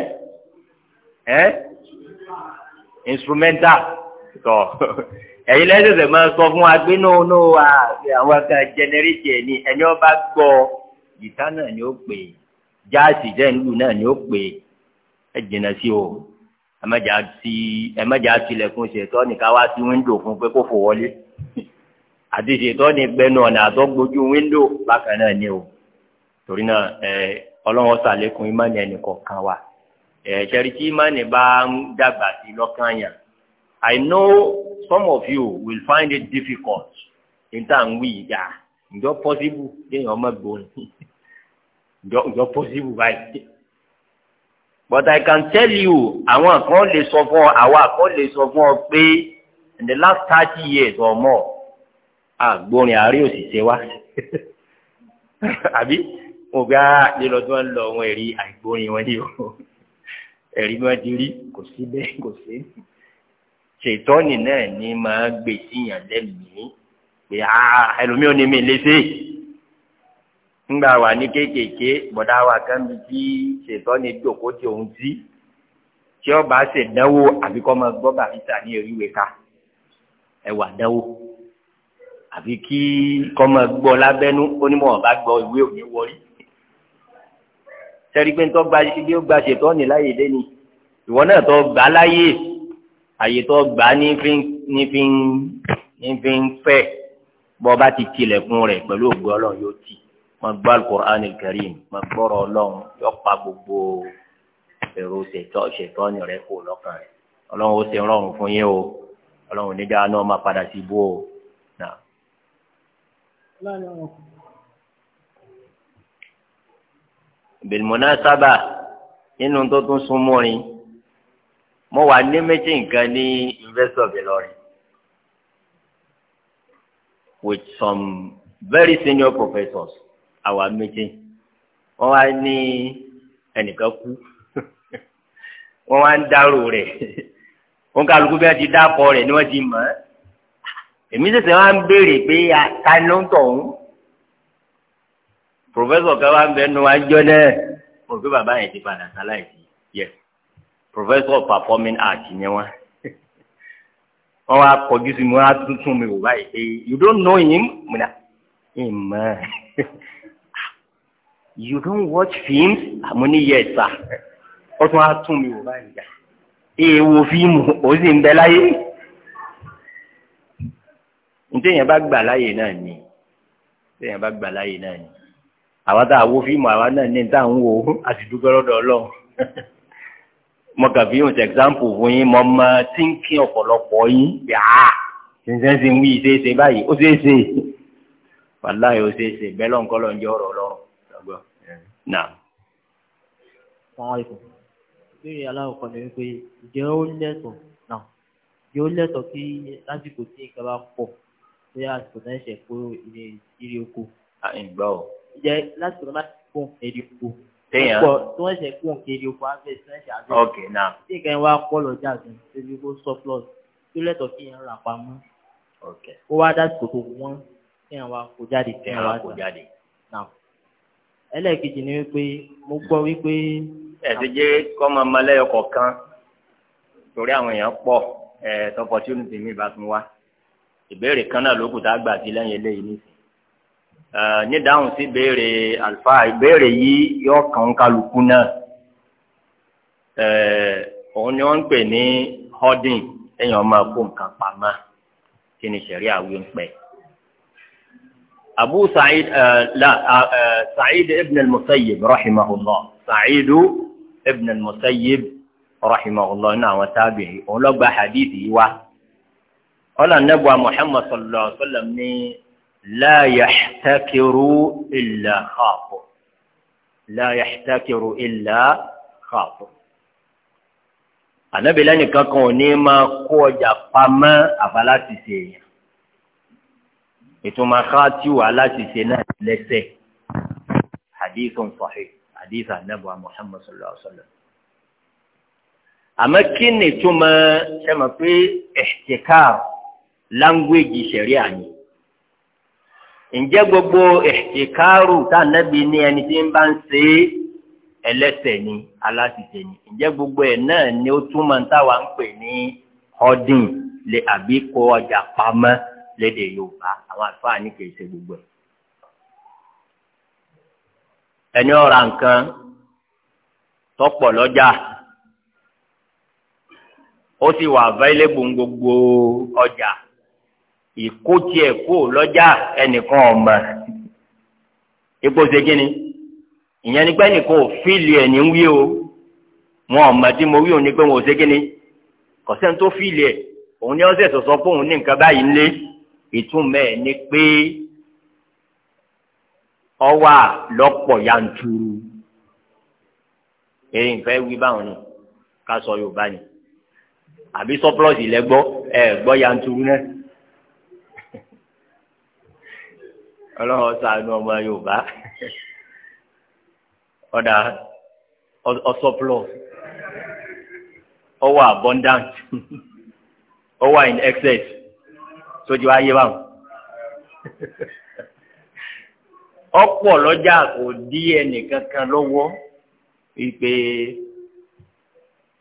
ẹ́ instrumental tọ ẹ̀yin lẹsẹsẹ máa sọ fún wa pé no no àwọn kan jẹnẹrétì ẹ ní ẹni náà ni ó pè jáàsì náà ni ó pè ẹ o ẹ mẹjà ṣe ṣètọ nìkan wá sí wíńdò fún pé wọlé àti gbẹnu ọ̀nà àtọ́gbójú wíńdò bákan ni o torí náà ẹ ọlọ́wọ́ sàlékún ẹnì kọ̀ọ̀kan wa tí bá lọ́kàn yàn I know some of you will find it difficult níta ń wí ìyá ǹjọ́ possible kéèyàn ọmọ gbòòrò ǹjọ́ possible báyìí. But I can tell you àwọn kan lè sọ fún ọ àwa kan lè sọ fún ọ pé in the last thirty years or more àgbórin àárẹ̀ òṣìṣẹ́ wa àbí mo gbá ah, lílọ tí wọ́n lọ wọn ẹ̀rí àìgbórin wọn ni o ẹ̀rí wọn ti rí kò sí bẹ́ẹ̀ kò sí ṣètọ́nì náà ní máa gbè síyàn lẹ́mìí pé ẹlòmíràn ní mi léṣe ńgbà wà ní kéékèèké bọ̀dá wa kan bí tí ṣètọ́nì jòkó tí òun tí tí ọba ṣèdánwò àbíkọ́ máa gbọ́ bàbíta ní eríwe ká ẹwà dánwò àfi kí kọ́mọ gbọ́ lábẹ́nú onímọ̀ ọ̀bá gbọ́ ìwé òní wọlé sẹ́rí pé ń tọ́ gba ṣètọ́nì láyé dé ni ìwọ náà tọ́ gbà láyé àyè tó gbà ní fi ní fi ní fi ń fẹ́ bọ́ bá ti tilẹ̀kùn rẹ̀ pẹ̀lú ògbó ọlọ́run yóò ti máa gbọ́ alukur'an karim máa gbọ́rọ̀ ọlọ́run yóò pa gbogbo èrò ṣètọ́ ṣètọ́ ni rẹ̀ kó lọ́kàn rẹ̀ ọlọ́run ó ṣe rọrùn fún yín o ọlọ́run níjà náà máa padà sí ibú o. bilmunasaba nínú tó tún sún mo wà ní méjì nǹkan ní investor Ìlọrin with some very senior professors Our meeting, wọ́n wá ní ẹnìkan kú wọ́n wá ń dárò rẹ̀ wọ́n kálukú bí wọ́n ti dákọ rẹ̀ ni wọ́n ti mọ̀ ẹ́ èmi ṣẹ̀ṣẹ̀ wá ń béèrè pé ta ló ń tọ̀ ọ́n professor kan wá ń bẹ́ẹ̀ nu wájọ́ náà mo rò pé bàbá yẹn ti padà sáláì sí yes professor of performing art, ni wọn wọn wá kọjú sí mi wọn á tuntun mi wò báyìí you don't know him múna ìmọ̀ you don't watch films àmúni yẹ ẹ̀sà ó tún á tún mi wò báyìí jà èèwò fíìmù ó sì ń bẹ láyé ntẹ̀yìn bá gbà láyè náà ni ntẹ̀yìn bá gbà láyè náà ni àwa tá a wo fíìmù àwa náà ní táwọn wò ó àti dúpẹ́ lọ́dọ̀ ọlọ́run. mo kàfi yóò ṣe ẹ̀xámpù fún yín mo mọ tí ń kí ọ̀pọ̀lọpọ̀ yín yàá ah, ṣẹ̀ṣẹ̀ ṣe ń wí ṣe é ṣe báyìí ó ṣe é ṣe wàláyé ó ṣe é ṣe bẹ́ẹ̀ lọ́nkọ́ lọ́n jẹ́ ọ̀rọ̀ ọlọ́run ìbéèrè aláwọ̀kọ́ ni wípé ǹjẹ́ ó lẹ́tọ̀ọ́ náà ǹjẹ́ ó lẹ́tọ̀ọ́ kí lásìkò tí nǹkan bá pọ̀ bí àsìkò náà ṣẹ̀ kó ìrè oko. à ò. ǹjẹ́ lásìkò náà téèyàn pọ̀ tí wọ́n ṣe kún kiri oko afẹ́ tí wọ́n ṣe ok na. tí ìkànnì wa kọ́ lọ́jà sí ibi kó surplus tó lẹ́tọ̀ kí yẹn rà pamọ́. ok ó wá dá kòtò wọ́n kí yẹn wa kó jáde. kí yẹn wa kó jáde. na ẹlẹ́ẹ̀kejì ni wípé mo gbọ́ hmm. wípé. ẹ̀sìn jẹ́ kọ́ máa ma lẹ́yọ kọ̀ọ̀kan torí àwọn èèyàn pọ̀ ẹ̀ opportunity mi bá tún ìbéèrè kan náà ló kù tá lẹ́yìn eléyìí Eh, nídáhùn sí béèrè àlùfáà ìbéèrè yìí yóò kàn kálukú náà eh, òun ni wọ́n ń pè ní hoarding èèyàn máa kó nǹkan pamọ́ kí ni sẹ̀rí àwí ń pẹ́. Abu Sa'id eh, la Sa'id ibn al-Musayyib rahimahullah Sa'id ibn al-Musayyib rahimahullah ní àwọn tábìlì òun ló gba hadith yìí wá. ọ̀nà nàbọ̀ Muhammad sallallahu alayhi wa sallam ní la yahtakiru illa khaafu la yahtakiru illa khaafu. ànábi lẹ́nu kankan ò ní máa kó ọjà pamọ́ àbálá ti ṣe èèyàn ìtumọ̀ khatiw aláti ṣe náà lẹ́sẹ̀ hadithun sahih hadith anabu muhammad sallallahu alaihi wa sallam. àmọ́ kí ni ìtumọ̀ ṣe mọ̀ pé ihtikar láńgbéjì ṣẹ̀ríà ni. ǹjẹ́ gbogbo ìkárù tá a nẹ́bi ní ẹni tí ń bá ń ṣe ẹlẹ́sẹ̀ ni aláṣìṣe ni gbogbo ẹ̀ náà ni ó túmọ̀ ń táwa ń pè ní ọdún lè àbí kó ọjà pamọ́ lédè Yorùbá àwọn ní kì gbogbo ẹ̀. ẹni ó nǹkan tọ́pọ̀ lọ́jà ó sì wà available gbogbo ìkótì ẹ̀ kó lọ́jà ẹnìkan ọ̀mà epo ṣe kí ni ìyẹn ni pé ẹnìkan ò fíìlì ẹ̀ ní wí o wọn ọ̀mà tí mo wí o ni pé wọn ò ṣe kí ni kọ̀sẹ́ni tó fíìlì ẹ̀ òun ni wọ́n ṣẹ̀ sọ̀sọ́ pé òun ní nǹkan báyìí ńlé ìtumọ̀ ẹ̀ ni pé ọwà lọ́pọ̀ yanturu èyí nfẹ́ wí báwọn ni ká sọ Yorùbá ni àbí sọ́pọ́lọ́sì lẹ́gbọ́ ẹ̀ gbọ́ yanturu náà. ọlọ́run ṣàánú ọmọ yorùbá ọ̀dà ọ̀sọ́pùlọ̀ ọwọ́ abundant ọwọ́ in excess sójú ayé báwọn ọ̀pọ̀ lọ́jà kò dí ẹnìkan kan lọ́wọ́ wípé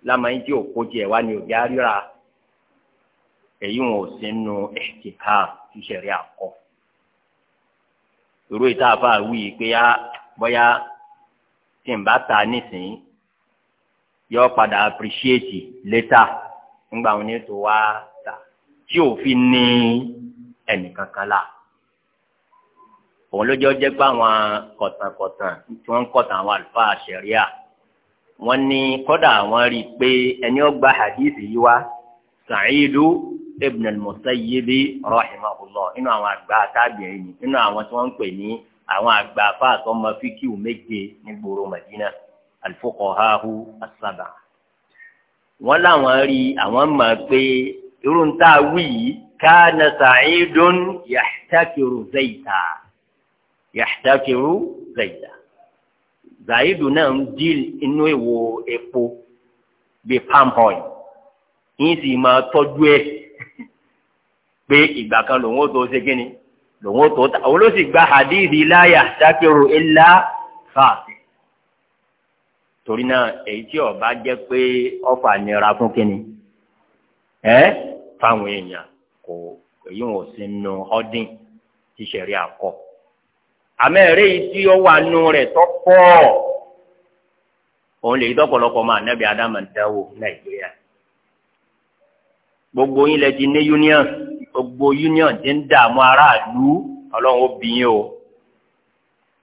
lamẹ́yìn tí òkú tiẹ̀ wá ní òjá ríra èyí wọn ò sínú ẹ̀kíkà tíṣẹ̀rí àkọ́ irú ìta àfa wí pé á bóyá tí n bá ta nísìnyí yọ padà appreciate later ńgbà wọn ní tó wá ta tí òfin ní ẹnìkankan la òun ló jẹ́ jẹ́ pé àwọn kọ̀tànkọ̀tàn tí wọ́n ń kọ̀tàn àwọn àlùfáà ṣẹ̀ríà wọ́n ní kọ́dà wọ́n rí i pé ẹni ó gba hadith yìí wá Sa'idu ibn al-Musayyib rahimahullah inú àwọn àgbà tábìrin ni inú àwọn tí wọ́n ń pè ní àwọn àgbà fáàtọ́ ọmọ fíkìú méje ní gbòòrò Madina al-fuqahahu as-sab'a wọ́n láwọn rí àwọn mọ̀ pé irú ń tá a wí yìí kana Sa'idun zayta yahtakiru zayta zaidu náà ń díl inú ìwo epo bíi palm oil yín sì máa tọ́jú ẹ̀ pé ìgbà kan lòun ó tó ṣe kí ni lòun ó tó ta òun ló sì gba hadithi láyà sákèrò ilá fàásì torí náà èyí tí ọba jẹ́ pé ọfà nira fún kí ni ẹ fáwọn èèyàn kò èyí wọn ò sí nu ọdín tí sẹ̀rí àkọ́ àmọ́ ẹ̀rẹ́ yìí tí ó wà nù rẹ̀ tó pọ̀ òun lè dọ́pọ̀lọpọ̀ máa nẹ́bí adámọ̀ dáwò nàìjíríà gbogbo yín lẹ ti ní union gbogbo union ti ń dààmú aráàlú ọlọ́run ó bí yín o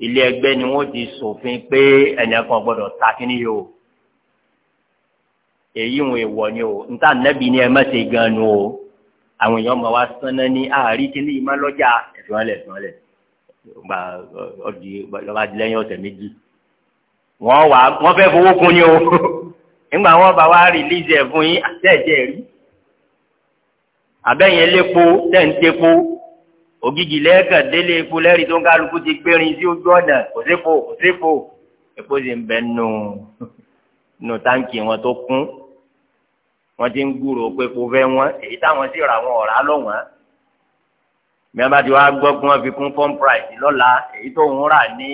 ilé ẹgbẹ́ ni wọ́n ti ṣòfin pé ẹnìyàn kan gbọ́dọ̀ ta kí ni yóò èyí ń wọ̀ ni o níta nẹ́bi ni ẹ má ṣe gan nu o àwọn èèyàn máa wá sánná ní àárín kí ni ìmá lọ́jà ẹ̀fọ́nlẹ̀ ẹ̀fọ́nlẹ̀ gba ọdí lọ́ba lẹ́yìn ọ̀sẹ̀ méjì wọ́n wà wọ́n fẹ́ fowó kun ni o nígbà wọn bá wá rìlíìsì ẹ̀ fún yín àtẹ̀jẹ̀ rí abẹ́yẹn lépo tẹ̀ǹtẹ̀po ògìgì lẹ́ẹ̀kan délé epo lẹ́rì tó ń kálukú ti gbérin sí ojú ọ̀nà kò sépo kò sépo epo sì ń bẹ nù nù táǹkì wọn tó kún wọn ti ń gbúrò pé epo fẹ́ wọn èyí táwọn sì ra wọn ọ̀rá lọ́wọ́n mìíràn bá ti wá gbọ́ pé wọ́n fi kún fọ́n price lọ́la èyí tó ń rà ní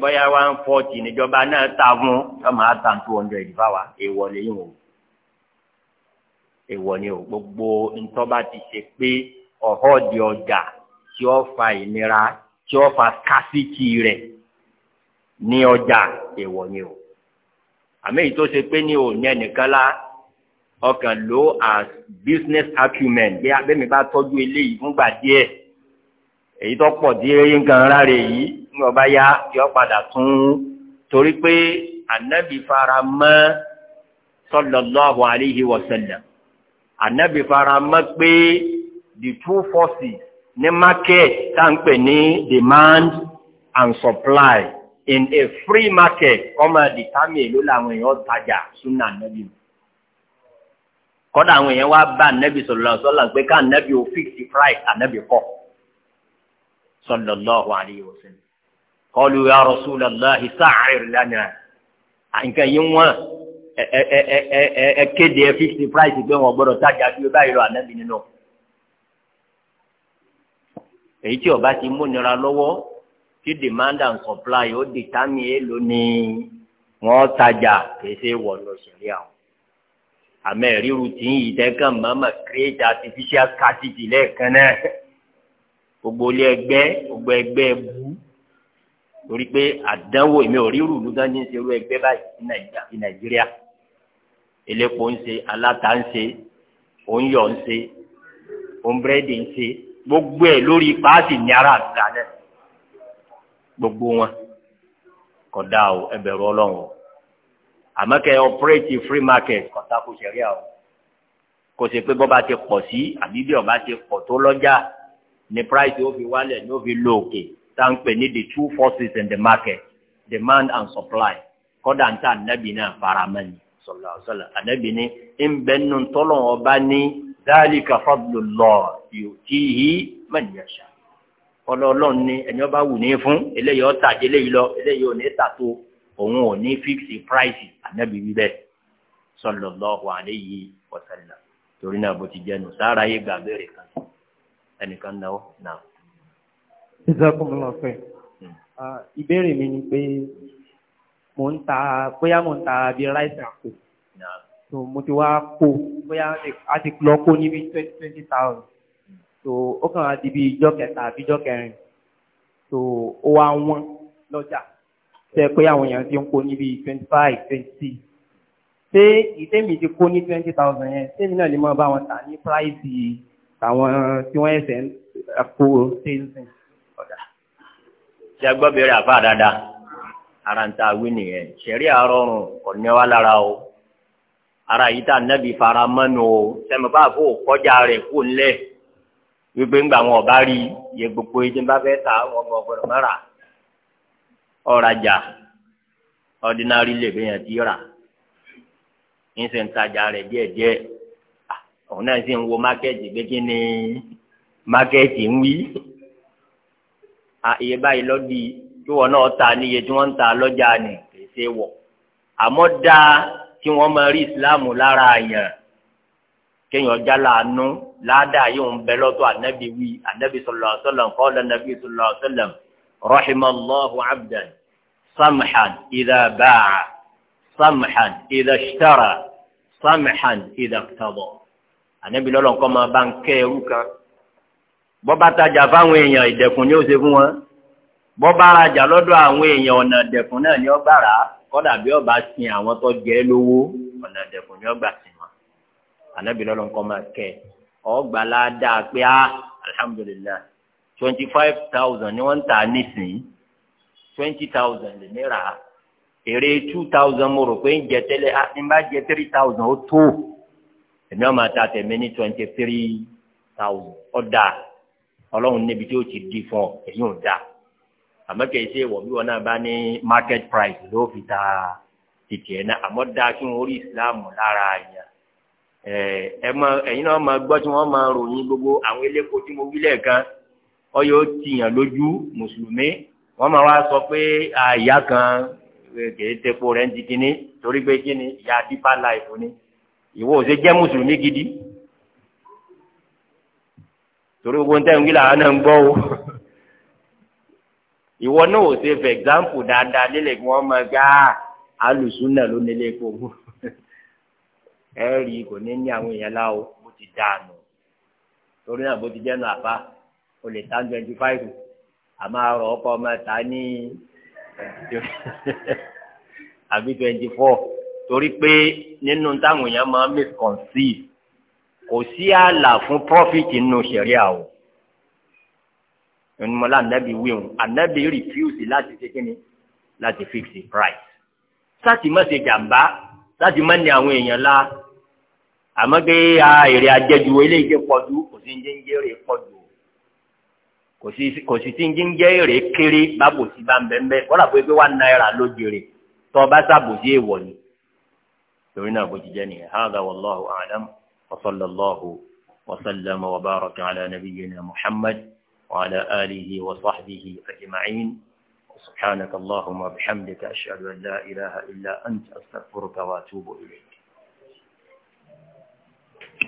bóyá one forty níjọba náà ta fún yọ máa ta two hundred fáwa èèwọ̀ lẹ́yìn o èèwọ̀ ni o gbogbo ntọ́ba ti ṣe pé ọ̀họ́ di ọjà tí ó fa ìnira tí ó fa kásìkì rẹ̀ ní ọjà èèwọ̀ ni o àmì èyí tó ṣe pé ní òní ẹnìkan lá ọkàn ló as business acumen bí abẹ́mi bá tọ́jú eléyìí fúngbà díẹ̀ èyí tó pọ̀ díẹ̀ nǹkan rárẹ̀ yìí ní ọba yá kí ọ padà tún torí pé ànábì fara mọ́ sallallahu alaihi wa sallam anabi fara mọ́ pé the two forces ní market tá ń pè ní demand and supply in a free market kọ́mọ dìtámì èló làwọn èèyàn tajà súnà anabi kọ́dà àwọn èèyàn wá bá anabi sallallahu alaihi wasallam pé ká anabi ò fix the price anabi kọ́ sallallahu alaihi wasallam qalu ya rasulallahi sa'ir lana àǹkà yín wọ́n ẹ kéde ẹ fífi price pé wọn gbọ́dọ̀ tájà bí báyìí lọ ànábì nínú èyí tí ọba ti múnira lọ́wọ́ tí demand and supply ó di tami èèlò ni wọ́n tajà kése wọ̀nà òṣèré àwọn àmọ́ ìrírí tí ń yí dẹ́gàn mọ́mọ́ create artificial scarcity lẹ́ẹ̀kan náà gbogbo ilé ẹgbẹ́ gbogbo ẹgbẹ́ bú torí pé àdánwò èmi ò rí rùlú dání ṣerú ẹgbẹ́ báyìí ní Nàìjíríà elépo ń ṣe aláta ń ṣe òǹyọ̀ ń ṣe òǹbẹ́rẹ́dì ń ṣe gbogbo ẹ̀ lórí paasi ní ara àgbà gbogbo wọn kódà o ẹ bẹ̀rù o àmọ́ kẹ́ ọpẹrẹtì free market kọta kò o kò ṣe pé bọba ti pọ̀ sí àbí bí ọba ti pọ̀ tó lọ́jà ní price yóò fi wálẹ̀ yóò fi lọ òkè tá n pè ní the two forces in the market demand and supply kódà ń tà nẹ́bí náà faramẹ́ni sọlá sọlá ànábì ní ńbẹ́nu tọ́lọ̀ ọba ní dhalika fadlullah yu'tihi man yasha ọlọ́ọ̀lọ́ọ̀ ní ẹni ọba wù ní fún eléyìí ọ̀tà eléyìí lọ eléyìí ò ní tàtó òun ò ní fíksì price ànábì wíbẹ̀ sallallahu alayhi wa sallam torí náà bó ti jẹnu sára yé gbàgbé rẹ̀ kan ẹnìkan náà náà. ìsàkùnmọ̀lọ́fẹ́ hmm. ah, ìbéèrè mi ni pé mo ń ta bóyá mo ń ta bíi rice and coke so mo ti wá kó bóyá a ti lọ kó níbi twenty twenty thousand so ó kàn á di bíi ijọ́ kẹta àbí ijọ́ kẹrin so ó wá wọ́n lọ́jà tẹ́ pé àwọn èèyàn ti ń kó níbi twenty five twenty six ṣé ìtẹ́mi ti kó ní twenty thousand yẹn tẹ́mi náà lè máa bá wọn tà ní price àwọn tí wọ́n ẹ̀sẹ̀ ń kó sales ọ̀dà. ṣé agbọ́bẹ̀rẹ̀ àbá dáadáa. ara ń ta wí nìyẹn ṣẹ̀rí lára o ara yìí tá nẹ́bí fara mọ́nu o sẹ́mi bá fò kọjá rẹ̀ kó ńlẹ̀ wípé ńgbà wọn ọba rí iye gbogbo yìí tí bá fẹ́ ta wọn bọ̀ gbọdọ̀ mọ́ra ọ̀rajà ordinary ti rà ń sẹ́ ń tajà rẹ̀ díẹ̀díẹ̀ òun náà sì ń wo kí wọn náà ta níye tí wọn ń ta lọ́jà ni kì í ṣe wọ̀ àmọ́ dáa kí wọ́n máa rí ìsìláàmù lára àyàn kéèyàn já láàánú ládàá yóò ń bẹ lọ́tọ̀ ànábì wí ànábì sọlọ sọlọ qala ànábì sọlọ sọlọ rahimallahu abdan samhan idha ba'a samhan idha ishtara samhan idha iqtada ànábì lọ́lọ́ nǹkan máa bá ń kẹ́ ẹrú kan bọ́bá tajà fáwọn èèyàn ìdẹ̀kùn ni ó ṣe fún wọn bọ́ bá rajà lọ́dọ̀ àwọn èèyàn ọ̀nà dẹ̀kùn náà ni ó gbàrà kọ́dà bí ọba sin àwọn tó jẹ́ lówó ọ̀nà dẹ̀kùn ni ó gbà sí wọn ànábì lọ́lọ́ nǹkan máa kẹ́ ọgbà ládàá pé á alhamdulillah twenty five thousand ni wọ́n ń tà nísìnyí twenty thousand lè mìíràn èrè two thousand mo rò pé ń jẹ tẹ́lẹ̀ á ń bá jẹ three thousand ó tó èmi ọmọ ta àtẹ̀mí ní twenty three thousand ọ̀dà ọlọ́run níbi tí ó ti di fún ọ èyí àmọ́ kìí ṣe wọ̀ bí wọn náà bá ní market price ló fi ta títì ẹ̀ náà àmọ́ dáa kí wọ́n rí ìsìláàmù lára àyàn ẹ mọ ẹ̀yin náà máa gbọ́ tí wọ́n máa ròyìn gbogbo àwọn eléko tí mo wí lẹ́ẹ̀kan ọyọ tìyàn lójú mùsùlùmí wọ́n máa wá sọ pé àyà kan kìí tepo rẹ̀ ń di kíní torí pé kíní ìyá dípà láìpù ni ìwọ ò ṣe jẹ́ mùsùlùmí gidi torí gbogbo ń tẹ̀ ń gbé làwọn náà ń gbọ́ o ìwọ náà ò ṣe fẹ́ example dáadáa lélẹ̀ kí wọ́n máa ah, gbá alùsùn náà ló nílé epo wò ẹ rí kò ní ní àwọn èèyàn láwo bó ti dànù torí náà bó ti jẹ́ àbá o lè tán twenty five àmọ́ àrò ọkọ ọmọ ta ní àbí twenty four torí pé nínú táwọn èèyàn máa misconceive kò sí ààlà fún profit nínú sẹ̀ríà o ìnumọ̀lá ànábì wíwọ̀n ànábì rìfúùsì láti ṣe kíni láti fíksì price sáàtì má ṣe jàmbá sáàtì má ní àwọn èèyàn la àmọ́ pé èrè àjẹjù eléyìí pọ̀jù kò sí ní jẹ́ èrè pọ̀jù kò sí tí ń jẹ́ èrè kéré bábòsí bá ń bẹ́ẹ̀ bẹ́ẹ̀ kọ́lá pé pé wà náírà ló jèrè tó o bá sábòsí èèwọ̀ ni torí náà bó ti nìyẹn hàgà wàlláhu àdám wa sallallahu wa sallama wa baraka ala nabiyyina muhammad. وعلى آله وصحبه أجمعين سبحانك اللهم وبحمدك أشهد أن لا إله إلا أنت أستغفرك وأتوب إليك